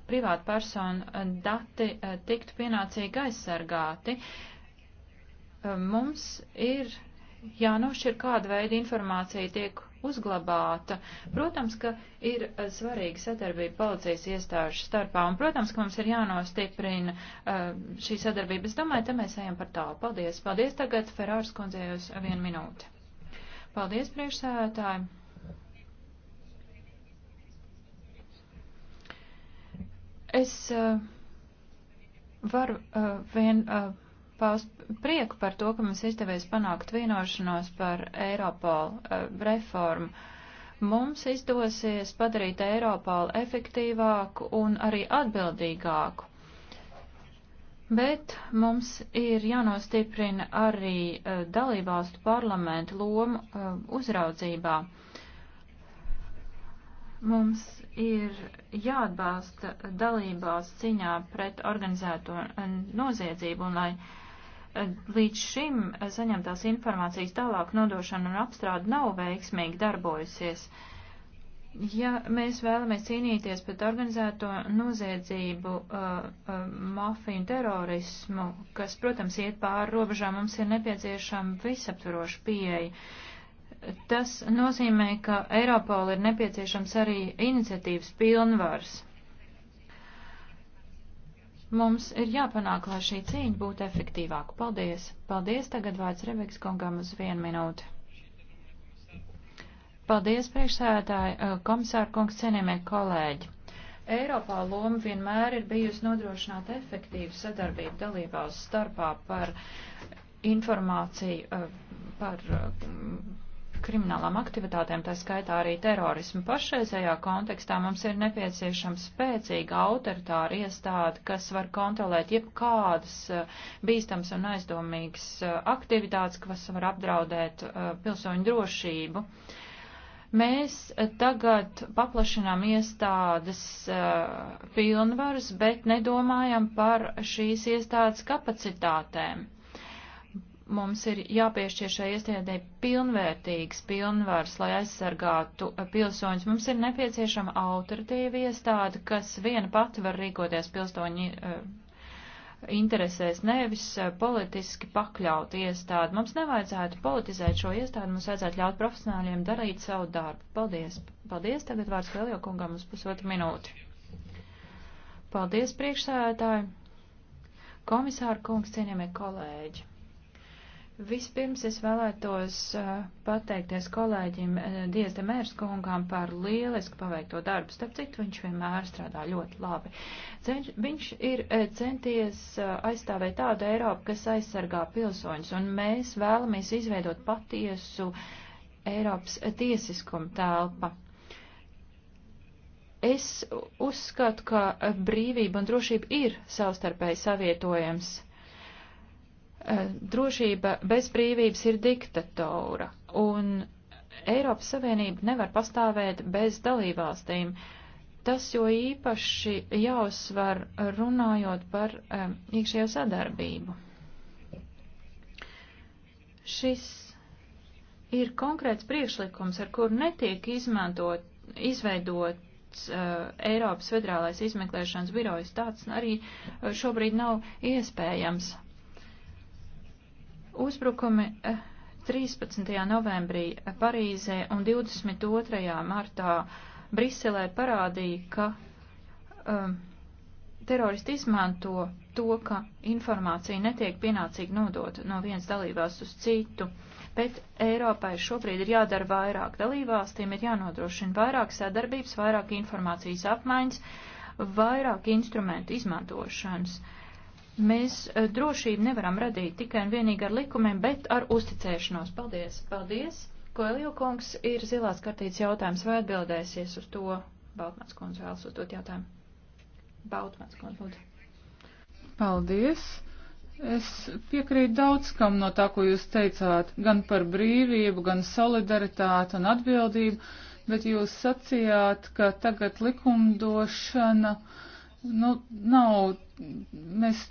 privāta persona dati eh, tiktu pienācīgi aizsargāti. Eh, mums ir jānošķir, kāda veida informācija tiek uzglabāta. Protams, ka ir eh, svarīga sadarbība policijas iestāžu starpā, un, protams, ka mums ir jānostiprina šī sadarbība. Es domāju, te mēs ejam par tālu. Paldies. Paldies tagad Ferārs kundzei uz vienu minūti. Paldies, priekšsēdētāji. Es uh, varu uh, vien uh, paust prieku par to, ka mums izdevies panākt vienošanos par Eiropālu uh, reformu. Mums izdosies padarīt Eiropālu efektīvāku un arī atbildīgāku. Bet mums ir jānostiprina arī uh, dalībvalstu parlamentu loma uh, uzraudzībā. Uh, Mums ir jāatbalsta dalībās ciņā pret organizēto noziedzību, un lai e, līdz šim saņemtās informācijas tālāk nodošana un apstrāde nav veiksmīgi darbojusies. Ja mēs vēlamies cīnīties pret organizēto noziedzību, uh, uh, mafiju un terorismu, kas, protams, iet pāri robežām, mums ir nepieciešama visaptvaroša pieeja. Tas nozīmē, ka Eiropola ir nepieciešams arī iniciatīvas pilnvars. Mums ir jāpanāk, lai šī cīņa būtu efektīvāka. Paldies! Paldies! Tagad vārds Rebekas kungam uz vienu minūti. Paldies, priekšsēdētāji, eh, komisāra kungs, cienījamie kolēģi! Eiropā loma vienmēr ir bijusi nodrošināt efektīvu sadarbību dalībās starpā par informāciju, eh, par eh, kriminālām aktivitātēm, tā skaitā arī terorismu. Pašreizējā kontekstā mums ir nepieciešama spēcīga autoritāra iestāde, kas var kontrolēt jebkādas eh, bīstams un aizdomīgas eh, aktivitātes, kas var apdraudēt eh, pilsoņu drošību. Mēs tagad paplašinām iestādes pilnvaras, bet nedomājam par šīs iestādes kapacitātēm mums ir jāpiešķir šai iestādē pilnvērtīgs pilnvars, lai aizsargātu pilsoņus. Mums ir nepieciešama autoritīva iestāde, kas viena pati var rīkoties pilsoņi eh, interesēs, nevis eh, politiski pakļaut iestādi. Mums nevajadzētu politizēt šo iestādi, mums vajadzētu ļaut profesionāļiem darīt savu darbu. Paldies. Paldies. Tagad vārds vēl jau kungam uz pusotru minūti. Paldies, priekšsēdētāji. Komisāra kungs, cienījamie kolēģi. Vispirms es vēlētos uh, pateikties kolēģim uh, Diezde Mērskungam par lielisku paveikto darbu. Starp citu, viņš vienmēr strādā ļoti labi. Cenš, viņš ir uh, centies aizstāvēt tādu Eiropu, kas aizsargā pilsoņus, un mēs vēlamies izveidot patiesu Eiropas tiesiskumu telpa. Es uzskatu, ka brīvība un drošība ir savstarpēji savietojams Eh, drošība bez brīvības ir diktatora, un Eiropas Savienība nevar pastāvēt bez dalībvalstīm. Tas jo īpaši jāuzsver runājot par um, iekšējo sadarbību. Šis ir konkrēts priekšlikums, ar kuru netiek izmantot, izveidots uh, Eiropas federālais izmeklēšanas birojas. Tāds arī šobrīd nav iespējams. Uzbrukumi 13. Eh, novembrī Parīzē un 22. martā Briselē parādīja, ka um, teroristi izmanto to, ka informācija netiek pienācīgi nodota no vienas dalībās uz citu, bet Eiropai šobrīd ir jādara vairāk dalībvalstīm, ir jānodrošina vairāk sadarbības, vairāk informācijas apmaiņas, vairāk instrumentu izmantošanas. Uh, Mēs eh, drošību nevaram radīt tikai un vienīgi ar likumiem, bet ar uzticēšanos. Paldies! Paldies! Koelio kungs ir zilās kartītes jautājums, vai atbildēsies uz to? Bautmans kundze vēlas uzdot jautājumu. Bautmans kundze, lūdzu.
Paldies! Es piekrītu daudz kam no tā, ko jūs teicāt, gan par brīvību, gan solidaritāti un atbildību, bet jūs sacījāt, ka tagad likumdošana uh, nu, nav, mēs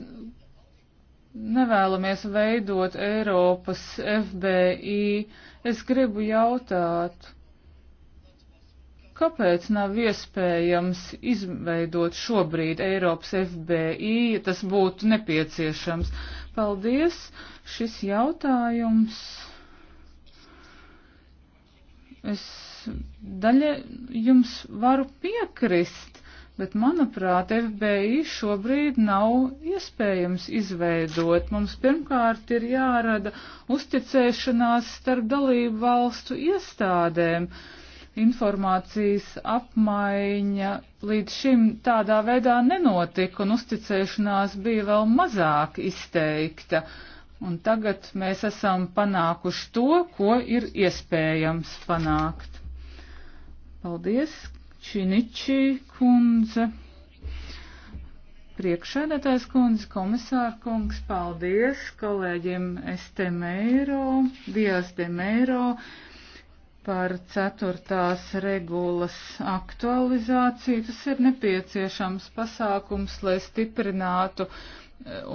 nevēlamies veidot Eiropas FBI. Es gribu jautāt, kāpēc nav iespējams izveidot šobrīd Eiropas FBI, ja tas būtu nepieciešams? Paldies, šis jautājums. Es daļa jums varu piekrist Bet, manuprāt, FBI šobrīd nav iespējams izveidot. Mums pirmkārt ir jārada uzticēšanās starp dalību valstu iestādēm. Informācijas apmaiņa līdz šim tādā veidā nenotika, un uzticēšanās bija vēl mazāk izteikta. Un tagad mēs esam panākuši to, ko ir iespējams panākt. Paldies! Činičī kundze. Priekšēdētājs kundze, komisārkungs, paldies kolēģim Estemeiro, Dijas Demeiro par ceturtās regulas aktualizāciju. Tas ir nepieciešams pasākums, lai stiprinātu eh,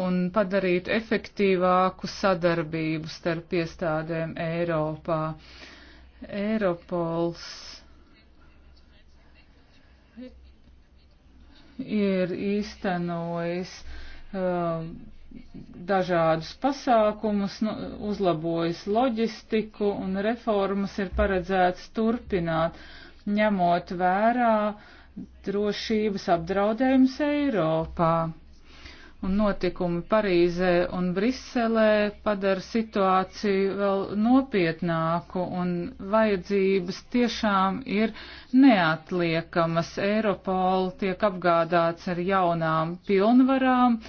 un padarītu efektīvāku sadarbību starp iestādēm Eiropā. Eiropols ir īstenojis uh, dažādus pasākumus, nu, uzlabojis loģistiku un reformas ir paredzēts turpināt, ņemot vērā drošības apdraudējums Eiropā un notikumi Parīzē un Briselē padara situāciju vēl nopietnāku un vajadzības tiešām ir neatliekamas. Eiropola tiek apgādāts ar jaunām pilnvarām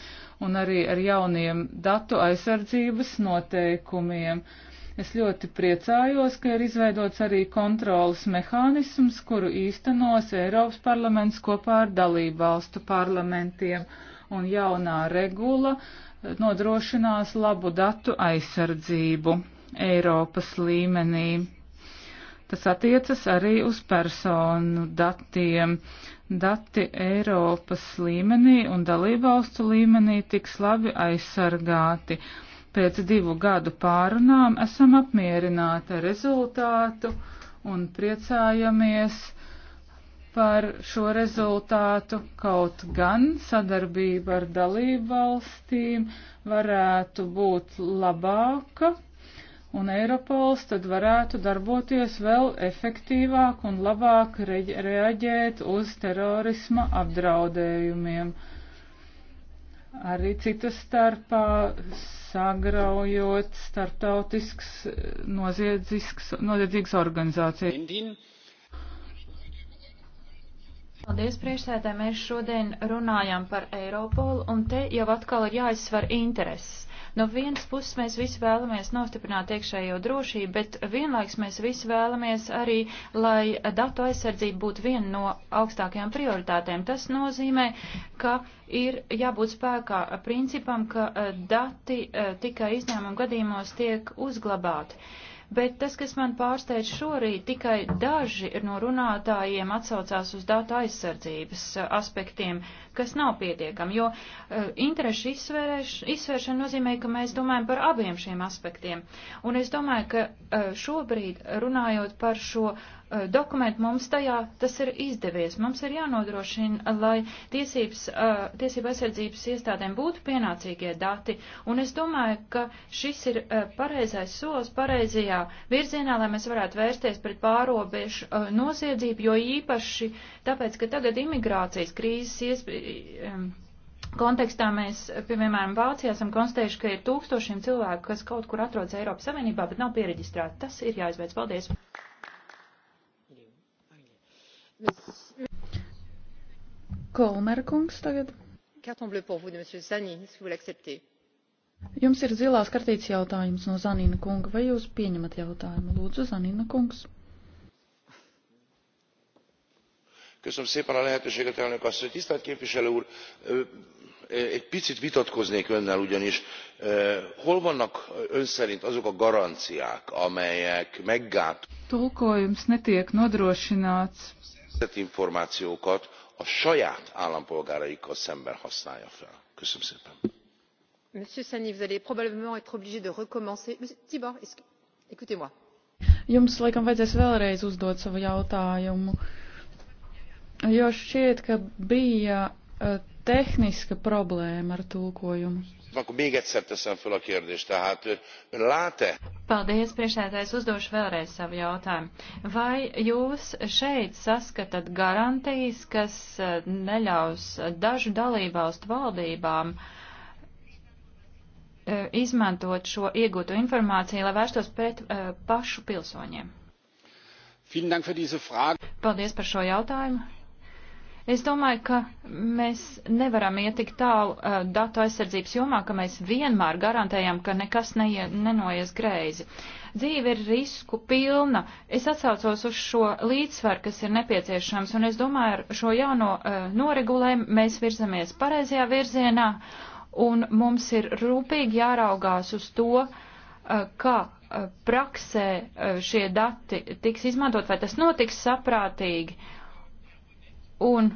un arī ar jauniem datu aizsardzības noteikumiem. Es ļoti priecājos, ka ir izveidots arī kontrolas mehānisms, kuru īstenos Eiropas parlaments kopā ar dalību valstu parlamentiem un jaunā regula nodrošinās labu datu aizsardzību Eiropas līmenī. Tas attiecas arī uz personu datiem. Dati Eiropas līmenī un dalībvalstu līmenī tiks labi aizsargāti. Pēc divu gadu pārunām esam apmierināti ar rezultātu un priecājamies, par šo rezultātu, kaut gan sadarbība ar dalību valstīm varētu būt labāka, un Eiropols tad varētu darboties vēl efektīvāk un labāk reaģēt uz terorisma apdraudējumiem. Arī citas starpā sagraujot starptautisks noziedzīgas organizācijas.
Paldies, priekšsēdē. Mēs šodien runājam par Eiropolu, un te jau atkal ir jāizsver intereses. No vienas puses mēs visi vēlamies nostiprināt iekšējo drošību, bet vienlaiks mēs visi vēlamies arī, lai datu aizsardzība būtu viena no augstākajām prioritātēm. Tas nozīmē, ka ir jābūt spēkā principam, ka eh, dati eh, tikai izņēmuma gadījumos tiek uzglabāti bet tas, kas man pārsteidz šorīt, tikai daži no runātājiem atsaucās uz datu aizsardzības aspektiem kas nav pietiekami, jo uh, interešu izsvēršana nozīmē, ka mēs domājam par abiem šiem aspektiem. Un es domāju, ka uh, šobrīd runājot par šo uh, dokumentu, mums tajā tas ir izdevies. Mums ir jānodrošina, lai tiesības, uh, tiesība aizsardzības iestādēm būtu pienācīgie dati. Un es domāju, ka šis ir uh, pareizais solis pareizajā virzienā, lai mēs varētu vērsties pret pārobežu uh, noziedzību, jo īpaši tāpēc, ka tagad imigrācijas krīzes Um, kontekstā mēs, piemēram, Vācijā esam konstatējuši, ka ir tūkstošiem cilvēku, kas kaut kur atrodas Eiropas Savienībā, bet nav piereģistrēti. Tas ir jāizbeidz. Paldies!
Kolmer kungs tagad.
Karton bleu pour vous de monsieur Zani, si vous l'acceptez.
Jums ir zilās kartītes jautājums no Zanina kunga. Vai jūs pieņemat jautājumu? Lūdzu, Zanina kungs.
köszönöm szépen a lehetőséget elnök asszony! tisztelt képviselő úr egy picit vitatkoznék önnel ugyanis hol vannak ön szerint azok a garanciák amelyek
meggátolják szerzett
információkat a saját állampolgáraikkal
szemben használja fel? köszönöm szépen!
monsieur szanyi vous allez probablement
être obligé de recommencer. tibor écoutez moi.
jums laikam vajadzēs vēlreiz uzdot savu jautājumu jo šķiet, ka bija e, tehniska problēma ar tulkojumu.
Akkor még egyszer teszem föl a kérdést, tehát e, ön lát-e? Paldies, priekšsēdētājs, uzdošu vēlreiz savu jautājumu. Vai jūs šeit saskatat garantijas, kas e, neļaus dažu dalībvalstu valdībām izmantot šo iegūto informāciju, lai vērstos pret pašu pilsoņiem? Paldies par šo jautājumu. Es domāju, ka mēs nevaram iet tik tālu uh, datu aizsardzības jomā, ka mēs vienmēr garantējam, ka nekas neie, nenoies greizi. Dzīve ir risku pilna. Es atsaucos uz šo līdzsvaru, kas ir nepieciešams, un es domāju, ar šo jauno uh, noregulējumu mēs virzamies pareizajā virzienā, un mums ir rūpīgi jāraugās uz to, uh, kā uh, praksē uh, šie dati tiks izmantot, vai tas notiks saprātīgi Un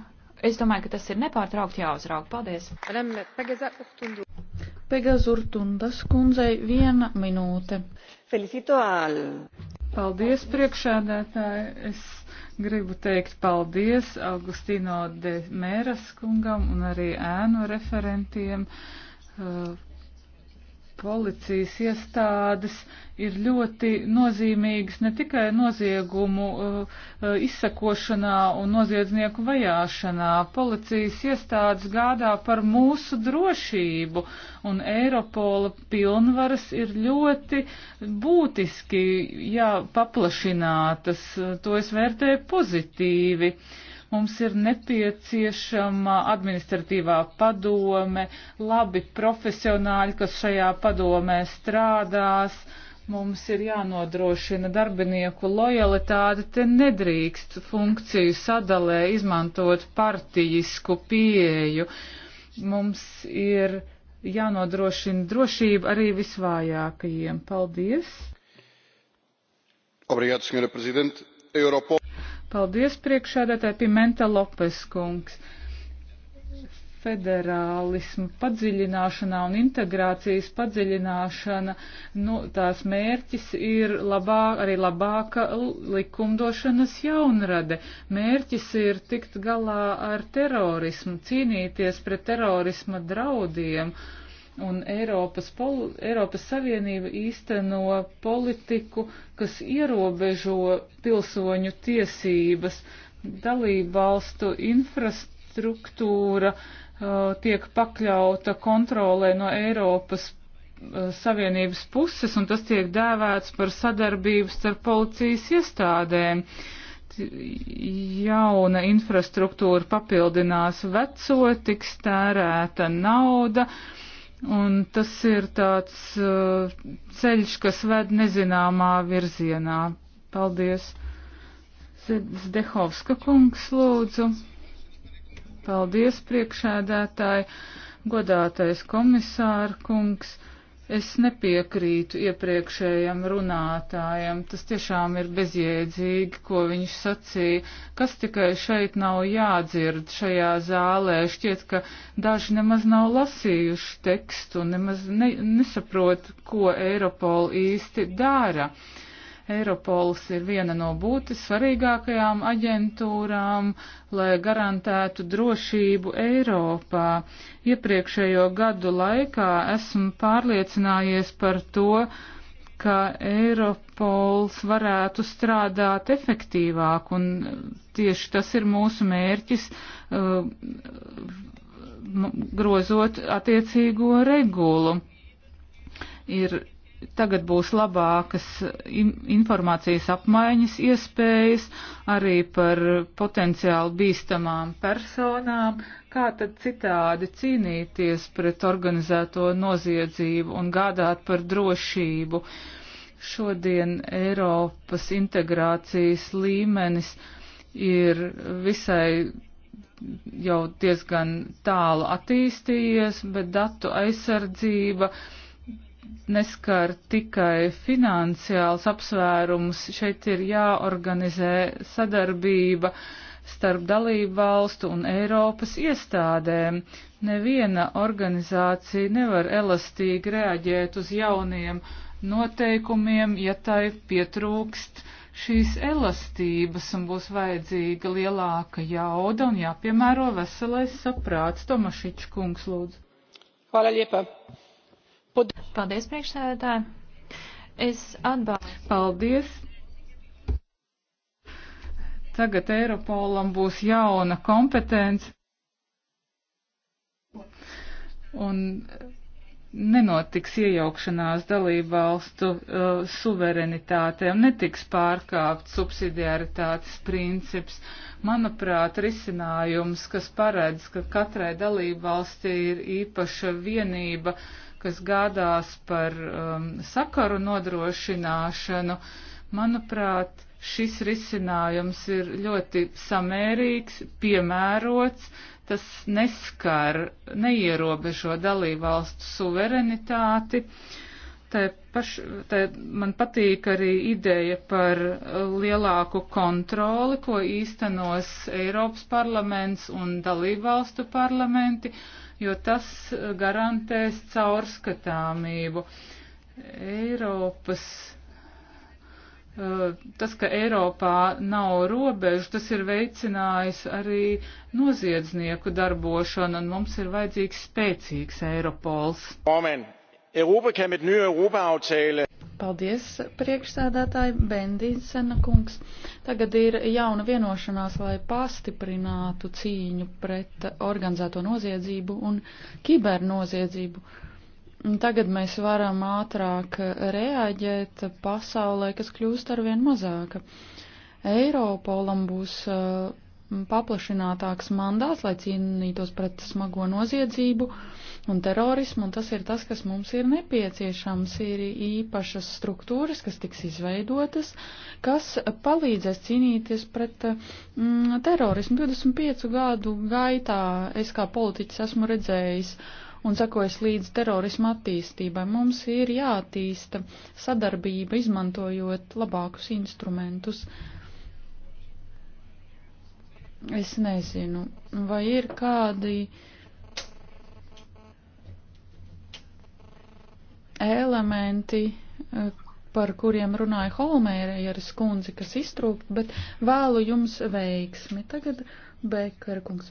es domāju, ka tas ir nepārtraukti jāuzrauga. Paldies!
Pegazurtundas kundzei viena minūte.
Felicito al! Paldies, priekšādētāji! Es gribu teikt paldies Augustino de Mēras kungam un arī ēnu referentiem. Uh, policijas iestādes ir ļoti nozīmīgas ne tikai noziegumu uh, uh, izsakošanā un noziedznieku vajāšanā. Policijas iestādes gādā par mūsu drošību, un Eiropola pilnvaras ir ļoti būtiski jā, paplašinātas. To es vērtēju pozitīvi. Uh, Mums ir nepieciešama administratīvā padome, labi profesionāļi, kas šajā padomē strādās. Mums ir jānodrošina darbinieku lojalitāte, te nedrīkst funkciju sadalē izmantot partijisku pieeju. Mums ir jānodrošina drošība arī visvājākajiem. Paldies!
Obrigado, senhora Presidente. Europol...
Paldies priekšādātāji Pimenta Lopes kungs. Federālismu padziļināšanā un integrācijas padziļināšana, nu, tās mērķis ir labāk, arī labāka likumdošanas jaunrade. Mērķis ir tikt galā ar terorismu, cīnīties pret terorisma draudiem un Eiropas, poli, Eiropas Savienība īsteno politiku, kas ierobežo pilsoņu tiesības. Dalībvalstu infrastruktūra uh, tiek pakļauta kontrolē no Eiropas uh, Savienības puses, un tas tiek dēvēts par sadarbības ar policijas iestādēm. Jauna infrastruktūra papildinās veco, tiks tērēta nauda. Uh, Un tas ir tāds uh, ceļš, kas ved nezināmā virzienā. Paldies. Zdehovska kungs lūdzu. Paldies priekšēdētāji, godātais komisāra kungs. Es nepiekrītu iepriekšējiem runātājiem. Tas tiešām ir bezjēdzīgi, ko viņš sacīja. Kas tikai šeit nav jādzird šajā zālē? Šķiet, ka daži nemaz nav lasījuši tekstu, nemaz ne, nesaprot, ko Eiropola īsti dara. Uh, Eiropols ir viena no būtis svarīgākajām aģentūrām, lai garantētu drošību Eiropā. Iepriekšējo gadu laikā esmu pārliecinājies par to, ka Eiropols varētu strādāt efektīvāk, un tieši tas ir mūsu mērķis, uh, grozot attiecīgo regulu. Ir tagad būs labākas informācijas apmaiņas iespējas arī par potenciāli bīstamām personām, kā tad citādi cīnīties pret organizēto noziedzību un gādāt par drošību. Šodien Eiropas integrācijas līmenis ir visai jau diezgan tālu attīstījies, bet datu aizsardzība neskar tikai finansiāls apsvērums, šeit ir jāorganizē sadarbība starp dalību valstu un Eiropas iestādēm. Neviena organizācija nevar elastīgi reaģēt uz jauniem noteikumiem, ja tai pietrūkst šīs elastības un būs vajadzīga lielāka jauda un jāpiemēro veselais saprāts. Tomašiņš kungs, lūdzu. Hvala lijepa Paldies, priekšsēdētāji. Es atbalstu. Paldies. Tagad Eiropolam būs jauna kompetence. Un nenotiks iejaukšanās dalībvalstu uh, suverenitātē un netiks pārkāpt subsidiaritātes princips. Manuprāt, risinājums, kas paredz, ka katrai dalībvalstī ir īpaša vienība, uh, kas gādās par um, sakaru nodrošināšanu, manuprāt, šis risinājums ir ļoti samērīgs, piemērots, tas neskar, neierobežo dalībvalstu suverenitāti. Uh, Te, paš, te man patīk arī ideja par lielāku kontroli, ko īstenos Eiropas parlaments un dalībvalstu parlamenti, jo tas garantēs caurskatāmību. Eiropas, eh, tas, ka Eiropā nav robežu, tas ir veicinājis arī noziedznieku darbošanu, un mums ir vajadzīgs spēcīgs Eiropols. Moment.
Europa kan med nye Europa-aftale.
Paldies, priekšsēdētāji Bendīsena kungs. Tagad ir jauna vienošanās, lai pastiprinātu cīņu pret organizēto noziedzību un kibernoziedzību. Tagad mēs varam ātrāk reaģēt pasaulē, kas kļūst arvien mazāka. Eiropolam būs uh, paplašinātāks mandāts, lai cīnītos pret smago noziedzību. Uh, un terorismu, un tas ir tas, kas mums ir nepieciešams. Ir īpašas struktūras, kas tiks izveidotas, kas palīdzēs cīnīties pret mm, terorismu. 25 gadu gaitā es kā politiķis esmu redzējis un sakojas līdz terorismu attīstībai. Mums ir jātīsta sadarbība, izmantojot labākus instrumentus. Es nezinu, vai ir kādi uh, elementi, eh, par kuriem runāja Holmēras kundze, kas iztrūkt, bet vēlu jums veiksmi. Tagad Bekara kungs.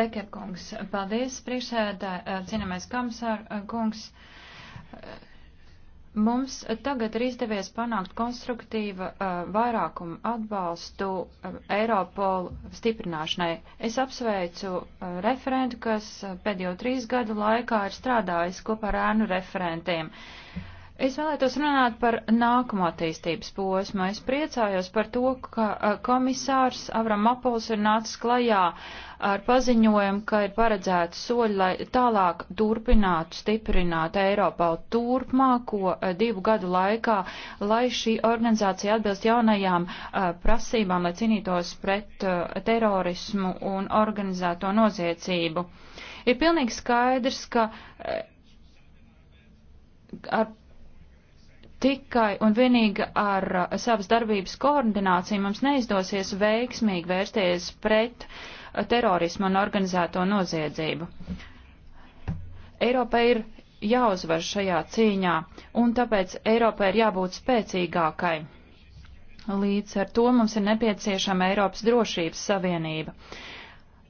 Bekara kungs,
paldies, priekšsēdā, eh, cienamais komisār eh, kungs. Mums tagad ir izdevies panākt konstruktīva uh, vairākuma atbalstu uh, Eiropolu stiprināšanai. Es apsveicu uh, referentu, kas uh, pēdējo trīs gadu laikā ir strādājis kopā ar ēnu referentiem. Uh, Es vēlētos runāt par nākamo attīstības posmu. Es priecājos par to, ka komisārs Avram Apols ir nācis klajā ar paziņojumu, ka ir paredzēti soļi, lai tālāk turpinātu stiprināt Eiropā turpmāko divu gadu laikā, lai šī organizācija atbilst jaunajām prasībām, lai cīnītos pret terorismu un organizēto noziedzību. Ir pilnīgi skaidrs, ka ar Tikai un vienīgi ar uh, savas darbības koordināciju mums neizdosies veiksmīgi vērsties pret uh, terorismu un organizēto noziedzību. Eiropa ir jāuzvar šajā cīņā, un tāpēc Eiropai ir jābūt spēcīgākai. Līdz ar to mums ir nepieciešama Eiropas drošības savienība. Uh,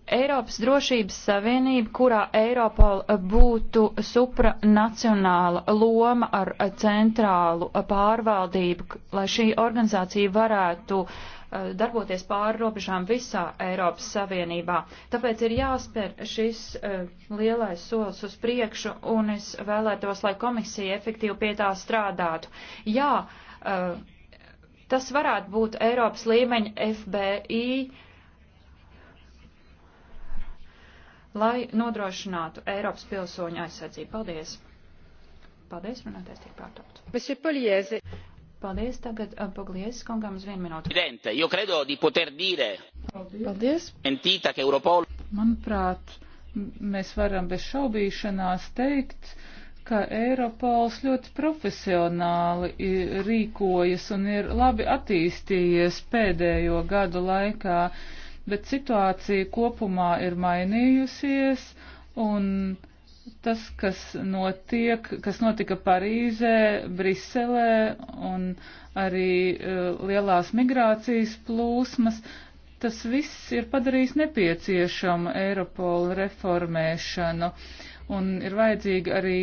Eiropas drošības savienība, kurā Eiropola būtu supranacionāla loma ar centrālu pārvaldību, lai šī organizācija varētu eh, darboties pāri robežām visā Eiropas Savienībā. Tāpēc ir jāspēr šis eh, lielais solis uz priekšu, un es vēlētos, lai komisija efektīvi pie tā strādātu. Jā, eh, tas varētu būt Eiropas līmeņa FBI lai nodrošinātu Eiropas pilsoņu aizsardzību. Paldies! Paldies, runātais tiek pārtraukts. Paldies, tagad uh, Pogliesi kungam uz vienu minūtu. Paldies. Paldies.
Manuprāt, mēs varam bez šaubīšanās teikt, ka Eiropols ļoti profesionāli rīkojas un ir labi attīstījies pēdējo gadu laikā bet situācija kopumā ir mainījusies un tas, kas notiek, kas notika Parīzē, Briselē un arī uh, lielās migrācijas plūsmas, tas viss ir padarījis nepieciešamu Eiropola reformēšanu. Un ir vajadzīga arī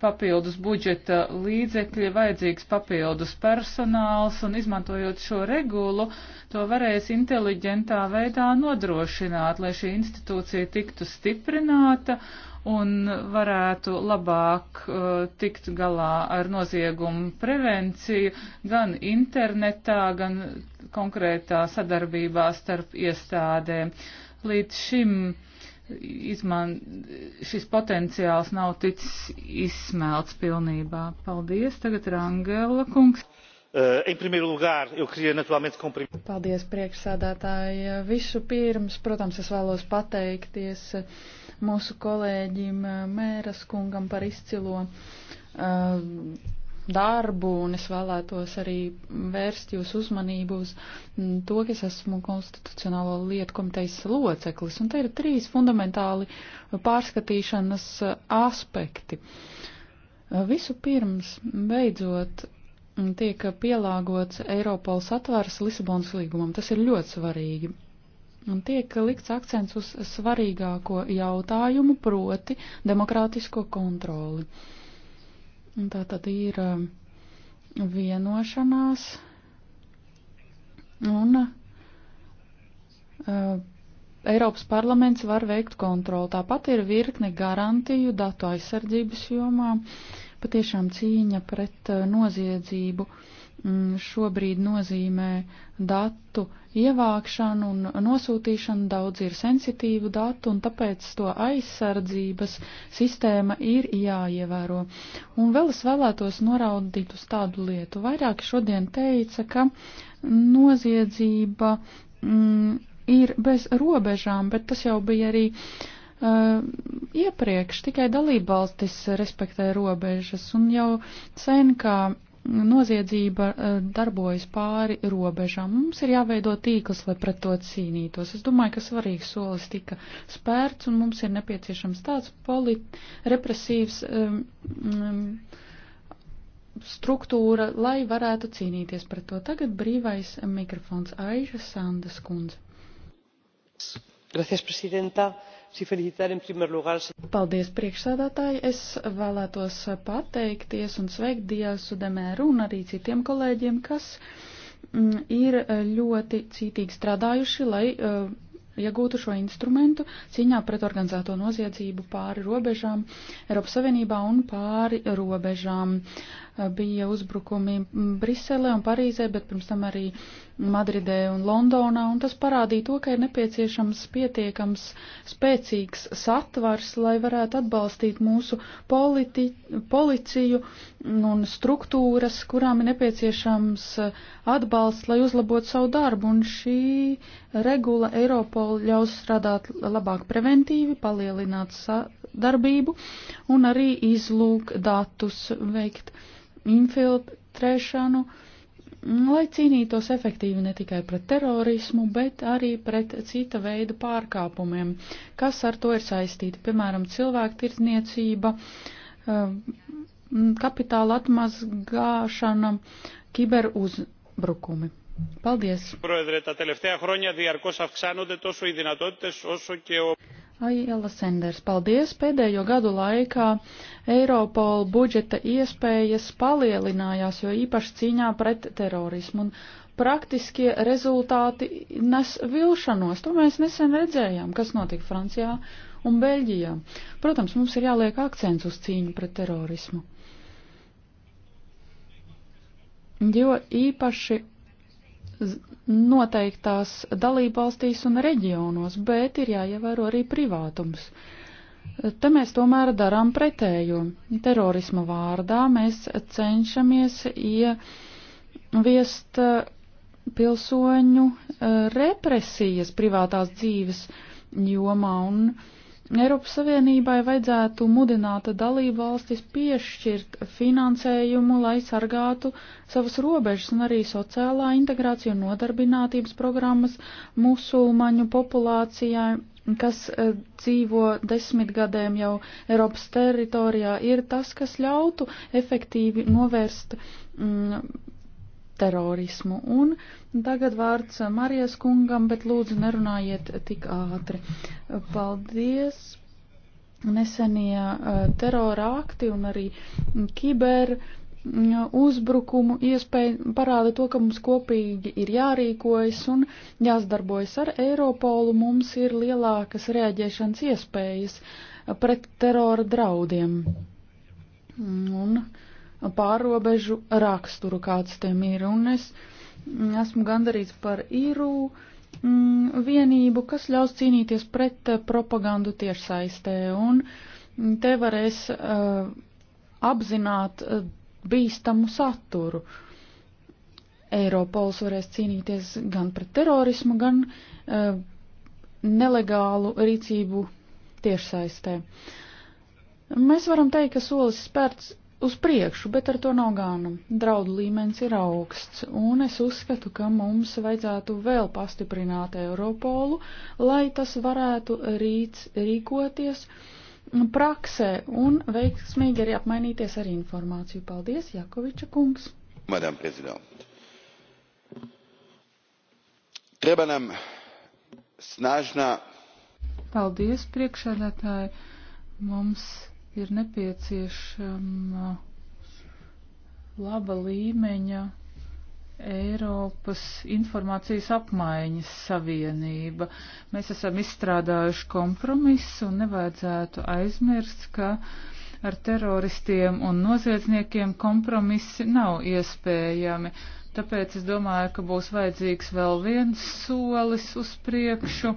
papildus budžeta līdzekļi, vajadzīgs papildus personāls, un izmantojot šo regulu, to varēs inteliģentā veidā nodrošināt, lai šī institūcija tiktu stiprināta un varētu labāk uh, tikt galā ar noziegumu prevenciju gan internetā, gan konkrētā sadarbībā starp iestādēm. Līdz šim uh, izman, šis potenciāls nav ticis izsmelts pilnībā. Paldies, tagad Rangela kungs. Eh, Paldies,
priekšsādātāji. Visu pirms, protams, es vēlos pateikties mūsu kolēģim eh, Mēras kungam par izcilo uh, darbu, un es vēlētos arī vērst jūsu uzmanību uz mm, to, ka es esmu konstitucionālo lietu komitejas loceklis, un te ir trīs fundamentāli pārskatīšanas aspekti. Visu pirms, beidzot, tiek pielāgots Eiropols atvērs Lisabonas līgumam. Tas ir ļoti svarīgi un tiek likts akcents uz svarīgāko jautājumu, proti demokrātisko kontroli. Tā tad ir um, vienošanās un uh, Eiropas parlaments var veikt kontroli. Tāpat ir virkne garantiju datu aizsardzības jomā, patiešām cīņa pret uh, noziedzību. Uh, Mm, šobrīd nozīmē datu ievākšanu un nosūtīšanu, daudz ir sensitīvu datu, un tāpēc to aizsardzības sistēma ir jāievēro. Un vēl es vēlētos noraudīt uz tādu lietu. Vairāk šodien teica, ka noziedzība mm, ir bez robežām, bet tas jau bija arī. Uh, iepriekš tikai dalībvalstis respektē robežas, un jau sen kā noziedzība eh, darbojas pāri robežām. Mums ir jāveido tīkls, lai pret to cīnītos. Es domāju, ka svarīgs solis tika spērts, un mums ir nepieciešams tāds polit, represīvs um, um, struktūra, lai varētu cīnīties pret to. Tagad brīvais mikrofons Aiža Sandas kundze. Gracias, presidenta. Paldies priekšsādātāji. Es vēlētos pateikties un sveikt Diasu Demēru un arī citiem kolēģiem, kas mm, ir eh, ļoti cītīgi strādājuši, lai eh, iegūtu šo instrumentu cīņā pret organizēto noziedzību pāri robežām Eiropas Savienībā un pāri robežām. Uh, Eh, bija uzbrukumi Briselē un Parīzē, bet pirms tam arī Madridē un Londonā, un tas parādīja to, ka ir nepieciešams pietiekams spēcīgs satvars, lai varētu atbalstīt mūsu politi, policiju un struktūras, kurām ir nepieciešams eh, atbalsts, lai uzlabotu savu darbu, un šī regula Eiropol ļaus strādāt labāk preventīvi, palielināt satvars darbību un arī izlūk datus veikt infiltrēšanu, lai cīnītos efektīvi ne tikai pret terorismu, bet arī pret cita veida pārkāpumiem, kas ar to ir saistīti, piemēram, cilvēku tirdzniecība, um, kapitāla atmazgāšana, kiberuzbrukumi. Paldies! Aiela Senders, paldies! Pēdējo gadu laikā Eiropola budžeta iespējas palielinājās, jo īpaši cīņā pret terorismu, un praktiskie rezultāti nes vilšanos. To mēs nesen redzējām, kas notika Francijā un Beļģijā. Protams, mums ir jāliek akcents uz cīņu pret terorismu. Jo īpaši noteiktās dalībvalstīs un reģionos, bet ir jāievēro arī privātums. Te mēs tomēr darām pretējo. Terorisma vārdā mēs cenšamies ieviest eh, pilsoņu eh, represijas privātās dzīves jomā un uh, Eiropas Savienībai vajadzētu mudināt dalību valstis piešķirt finansējumu, lai sargātu savas robežas un arī sociālā integrācija un nodarbinātības programmas musulmaņu populācijai, kas e, dzīvo desmitgadēm jau Eiropas teritorijā, ir tas, kas ļautu efektīvi novērst mm, terorismu. Un tagad vārds Marijas kungam, bet lūdzu nerunājiet tik ātri. Paldies! Nesenie terora akti un arī kiber uzbrukumu iespēja parāda to, ka mums kopīgi ir jārīkojas un jāsadarbojas ar Eiropolu. Mums ir lielākas reaģēšanas iespējas pret terora draudiem. Un, uh, pārobežu raksturu, kāds tiem ir. Un es mm, esmu gandarīts par īru mm, vienību, kas ļaus cīnīties pret eh, propagandu tiešsaistē. Un mm, te varēs uh, apzināt uh, bīstamu saturu. Eiropols varēs cīnīties gan pret terorismu, gan uh, nelegālu rīcību tiešsaistē. Mēs varam teikt, ka solis spērts uz priekšu, bet ar to nav gana. Draudu līmenis ir augsts, un es uzskatu, ka mums vajadzētu vēl pastiprināt Europolu, lai tas varētu rīts, rīkoties praksē un veiksmīgi arī apmainīties ar informāciju. Paldies, Jakoviča
kungs.
Madam prezident. Treba nam snažna.
Paldies, priekšādātāji. Mums ir nepieciešama laba līmeņa Eiropas informācijas apmaiņas savienība. Mēs esam izstrādājuši kompromisu un nevajadzētu aizmirst, ka ar teroristiem un noziedzniekiem kompromisi nav iespējami. Tāpēc es domāju, ka būs vajadzīgs vēl viens solis uz priekšu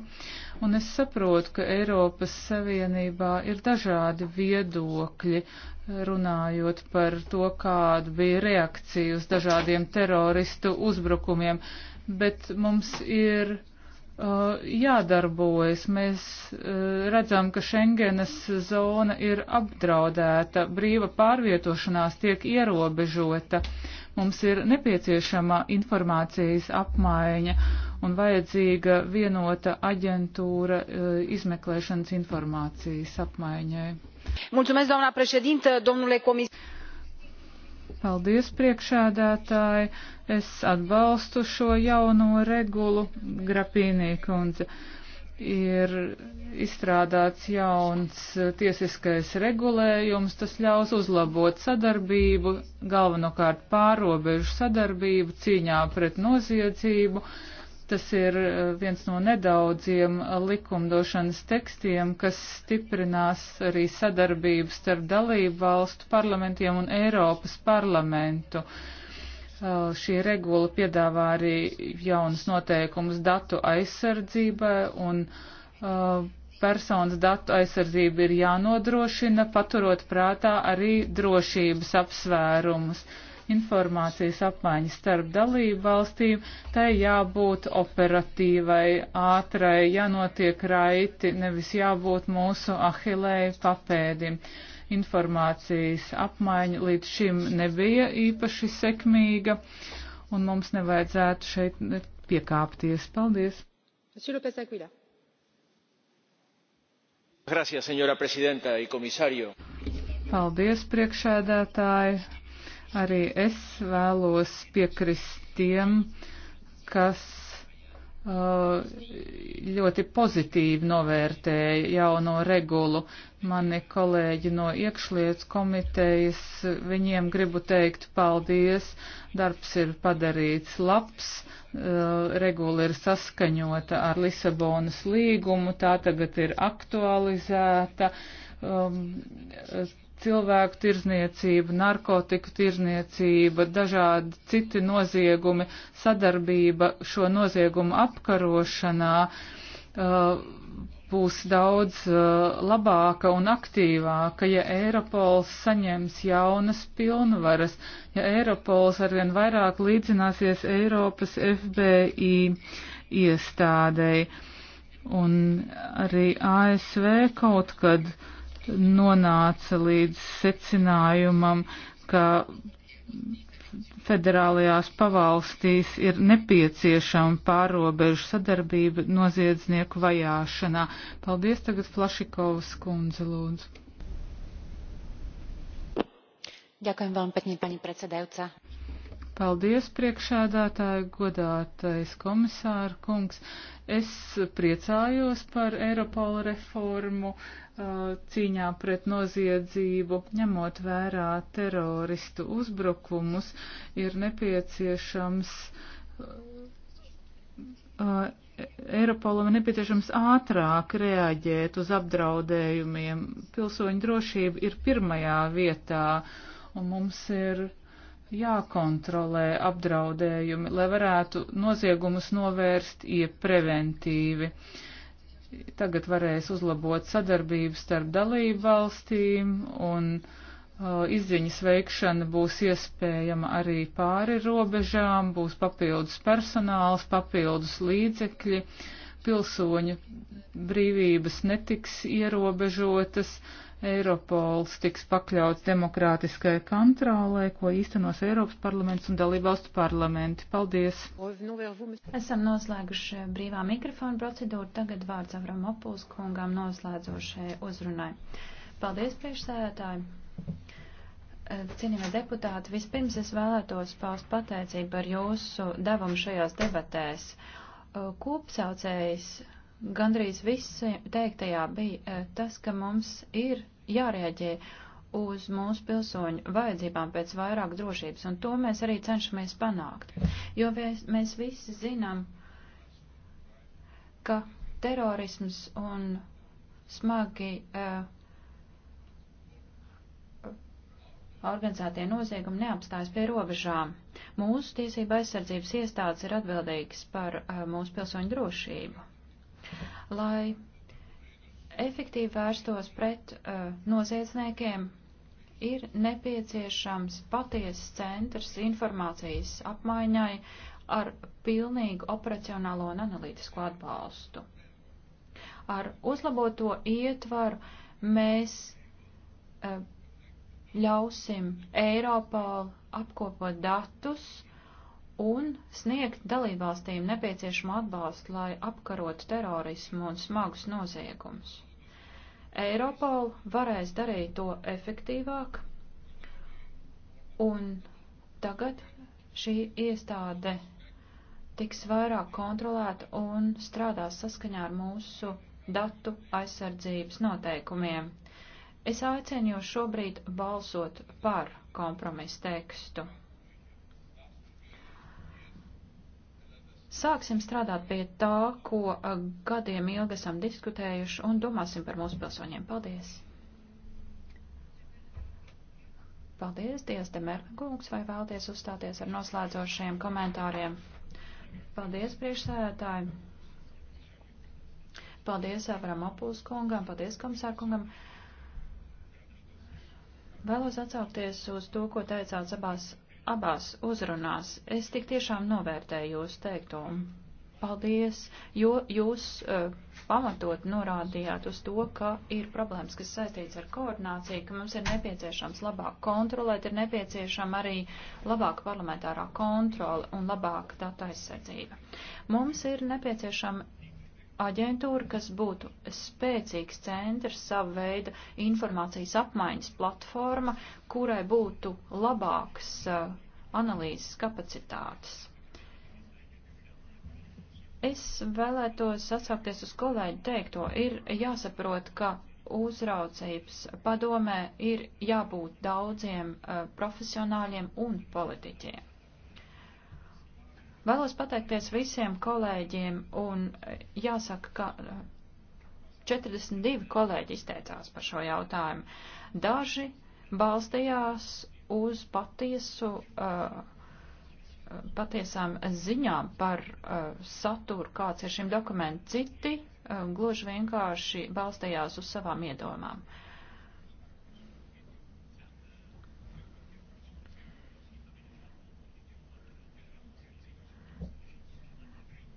Un es saprotu, ka Eiropas Savienībā ir dažādi viedokļi runājot par to, kāda bija reakcija uz dažādiem teroristu uzbrukumiem, bet mums ir uh, jādarbojas. Mēs uh, redzam, ka Schengenas zona ir apdraudēta, brīva pārvietošanās tiek ierobežota. Mums ir nepieciešama informācijas apmaiņa un vajadzīga vienota aģentūra eh, izmeklēšanas informācijas apmaiņai.
Mulțumesc, doamna președintă, domnule comisar.
Paldies, priekšādātāji. Es atbalstu šo jauno regulu. Grapīnī kundze ir izstrādāts jauns eh, tiesiskais regulējums. Tas ļaus uzlabot sadarbību, galvenokārt pārobežu sadarbību cīņā pret noziedzību Tas ir eh, viens no nedaudziem likumdošanas tekstiem, kas stiprinās arī sadarbību starp dalību valstu parlamentiem un Eiropas parlamentu. Eh, šī regula piedāvā arī jaunas noteikumus datu aizsardzībai un eh, personas datu aizsardzība ir jānodrošina, paturot prātā arī drošības apsvērumus informācijas apmaiņa starp dalību valstīm, tai jābūt operatīvai, ātrai, jānotiek raiti, nevis jābūt mūsu ahilēju papēdim. Informācijas apmaiņa līdz šim nebija īpaši sekmīga, un mums nevajadzētu šeit piekāpties. Paldies! Monsieur Lopez Aguilar señora
presidenta y comisario.
Paldies, priekšēdētāji, Arī es vēlos piekrist tiem, kas uh, ļoti pozitīvi novērtēja jauno regulu. Mani kolēģi no iekšlietas komitejas, viņiem gribu teikt paldies, darbs ir padarīts labs, uh, regula ir saskaņota ar Lisabonas līgumu, tā tagad ir aktualizēta. Um, cilvēku tirzniecība, narkotiku tirzniecība, dažādi citi noziegumi, sadarbība šo noziegumu apkarošanā uh, būs daudz uh, labāka un aktīvāka, ja Eiropols saņems jaunas pilnvaras, ja Eiropols arvien vairāk līdzināsies Eiropas FBI iestādēji. Un arī ASV kaut kad uh, nonāca līdz secinājumam, ka federālajās pavalstīs ir nepieciešama pārobežu sadarbība noziedznieku vajāšanā. Paldies tagad Flašikovas kundze lūdzu.
Ďakujem veľmi pekne, pani predsedajúca.
Paldies, priekšēdātāji, godātais komisāra kungs. Es priecājos par Eiropola reformu uh, cīņā pret noziedzību, ņemot vērā teroristu uzbrukumus, ir nepieciešams. Uh, Eiropolam ir nepieciešams ātrāk reaģēt uz apdraudējumiem. Pilsoņu drošība ir pirmajā vietā, un mums ir jākontrolē apdraudējumi, lai varētu noziegumus novērst iepreventīvi. Tagad varēs uzlabot sadarbību starp dalību valstīm un uh, izziņas veikšana būs iespējama arī pāri robežām, būs papildus personāls, papildus līdzekļi, pilsoņu brīvības netiks ierobežotas, uh, Eiropols tiks pakļauts demokrātiskai kontrolē, ko īstenos Eiropas parlaments un dalībvalstu parlamenti. Paldies!
Esam noslēguši brīvā mikrofona procedūru. Tagad vārds Avram Opuls kungām noslēdzošai uzrunai. Paldies, priekšsēdētāji! Cienījamie deputāti, vispirms es vēlētos paust pateicību par jūsu devumu šajās debatēs. Kopsaucējs gandrīz viss teiktajā bija eh, tas, ka mums ir jārēģē uz mūsu pilsoņu vajadzībām pēc vairāk drošības, un to mēs arī cenšamies panākt. Jo mēs, mēs visi zinām, ka terorisms un smagi uh, organizētie noziegumi neapstājas pie robežām. Mūsu tiesība aizsardzības iestādes ir atbildīgas par uh, mūsu pilsoņu drošību. Lai efektīvi vērstos pret uh, noziedzniekiem, ir nepieciešams patiesas centrs informācijas apmaiņai ar pilnīgu operacionālo un analītisko atbalstu. Ar uzlaboto ietvaru mēs uh, ļausim Eiropā apkopot datus, un sniegt dalībvalstīm nepieciešamo atbalstu, lai apkarotu terorismu un smagus noziegumus. Eiropol varēs darīt to efektīvāk, un tagad šī iestāde tiks vairāk kontrolēta un strādās saskaņā ar mūsu datu aizsardzības noteikumiem. Es aicinu jūs šobrīd balsot par kompromisu tekstu. Sāksim strādāt pie tā, ko gadiem ilgi esam diskutējuši un domāsim par mūsu pilsoņiem. Paldies! Paldies, Dievs, Demerka kungs, vai vēlties uzstāties ar noslēdzošiem komentāriem? Paldies, priekšsēdētāji! Paldies Avram Apuls kungam, paldies komisārkungam. Vēlos atsaukties uz to, ko teicāt abās abās uzrunās. Es tik tiešām novērtēju jūs teikto. Paldies, jo jūs uh, pamatot norādījāt uz to, ka ir problēmas, kas saistīts ar koordināciju, ka mums ir nepieciešams labāk kontrolēt, ir nepieciešama arī labāka parlamentārā kontrola un labāka data aizsardzība. Mums ir nepieciešama aģentūra, kas būtu spēcīgs centrs, sava veida informācijas apmaiņas platforma, kurai būtu labāks uh, analīzes kapacitātes. Es vēlētos atsaukties uz kolēģi teikto, ir jāsaprot, ka uzraucības padomē ir jābūt daudziem uh, profesionāļiem un politiķiem. Vēlos pateikties visiem kolēģiem un jāsaka, ka 42 eh, kolēģi izteicās par šo jautājumu. Daži balstījās uz patiesu, uh, patiesām ziņām par uh, saturu, kāds ir šim dokumentam, citi uh, gluži vienkārši balstījās uz savām iedomām. Uh,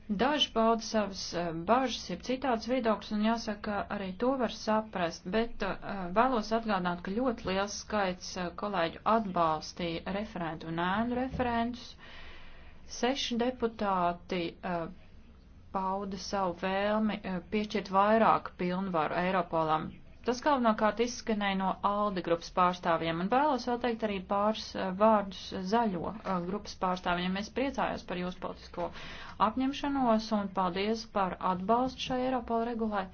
Daži pauda savas eh, bažas, jeb citādas viedokļas, un jāsaka, arī to var saprast, bet eh, vēlos atgādināt, ka ļoti liels skaits eh, kolēģu atbalstīja referentu un ēnu referentus. Seši deputāti pauda savu vēlmi piešķirt vairāk pilnvaru Eiropolam Tas galvenokārt izskanēja no ALDE grupas pārstāvjiem, un vēlos vēl teikt arī pāris eh, vārdus zaļo eh, grupas pārstāvjiem. Es priecājos par jūsu politisko apņemšanos un paldies par atbalstu šai Eiropola regulai.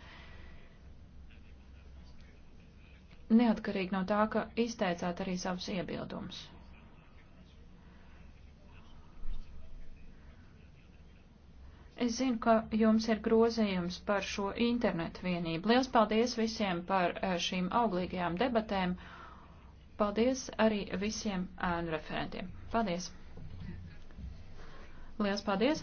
Neatkarīgi no tā, ka izteicāt arī savus iebildumus. Es zinu, ka jums ir grozījums par šo internetu vienību. Liels paldies visiem par e, šīm auglīgajām debatēm. Paldies arī visiem ēnu referentiem. Paldies! Liels paldies!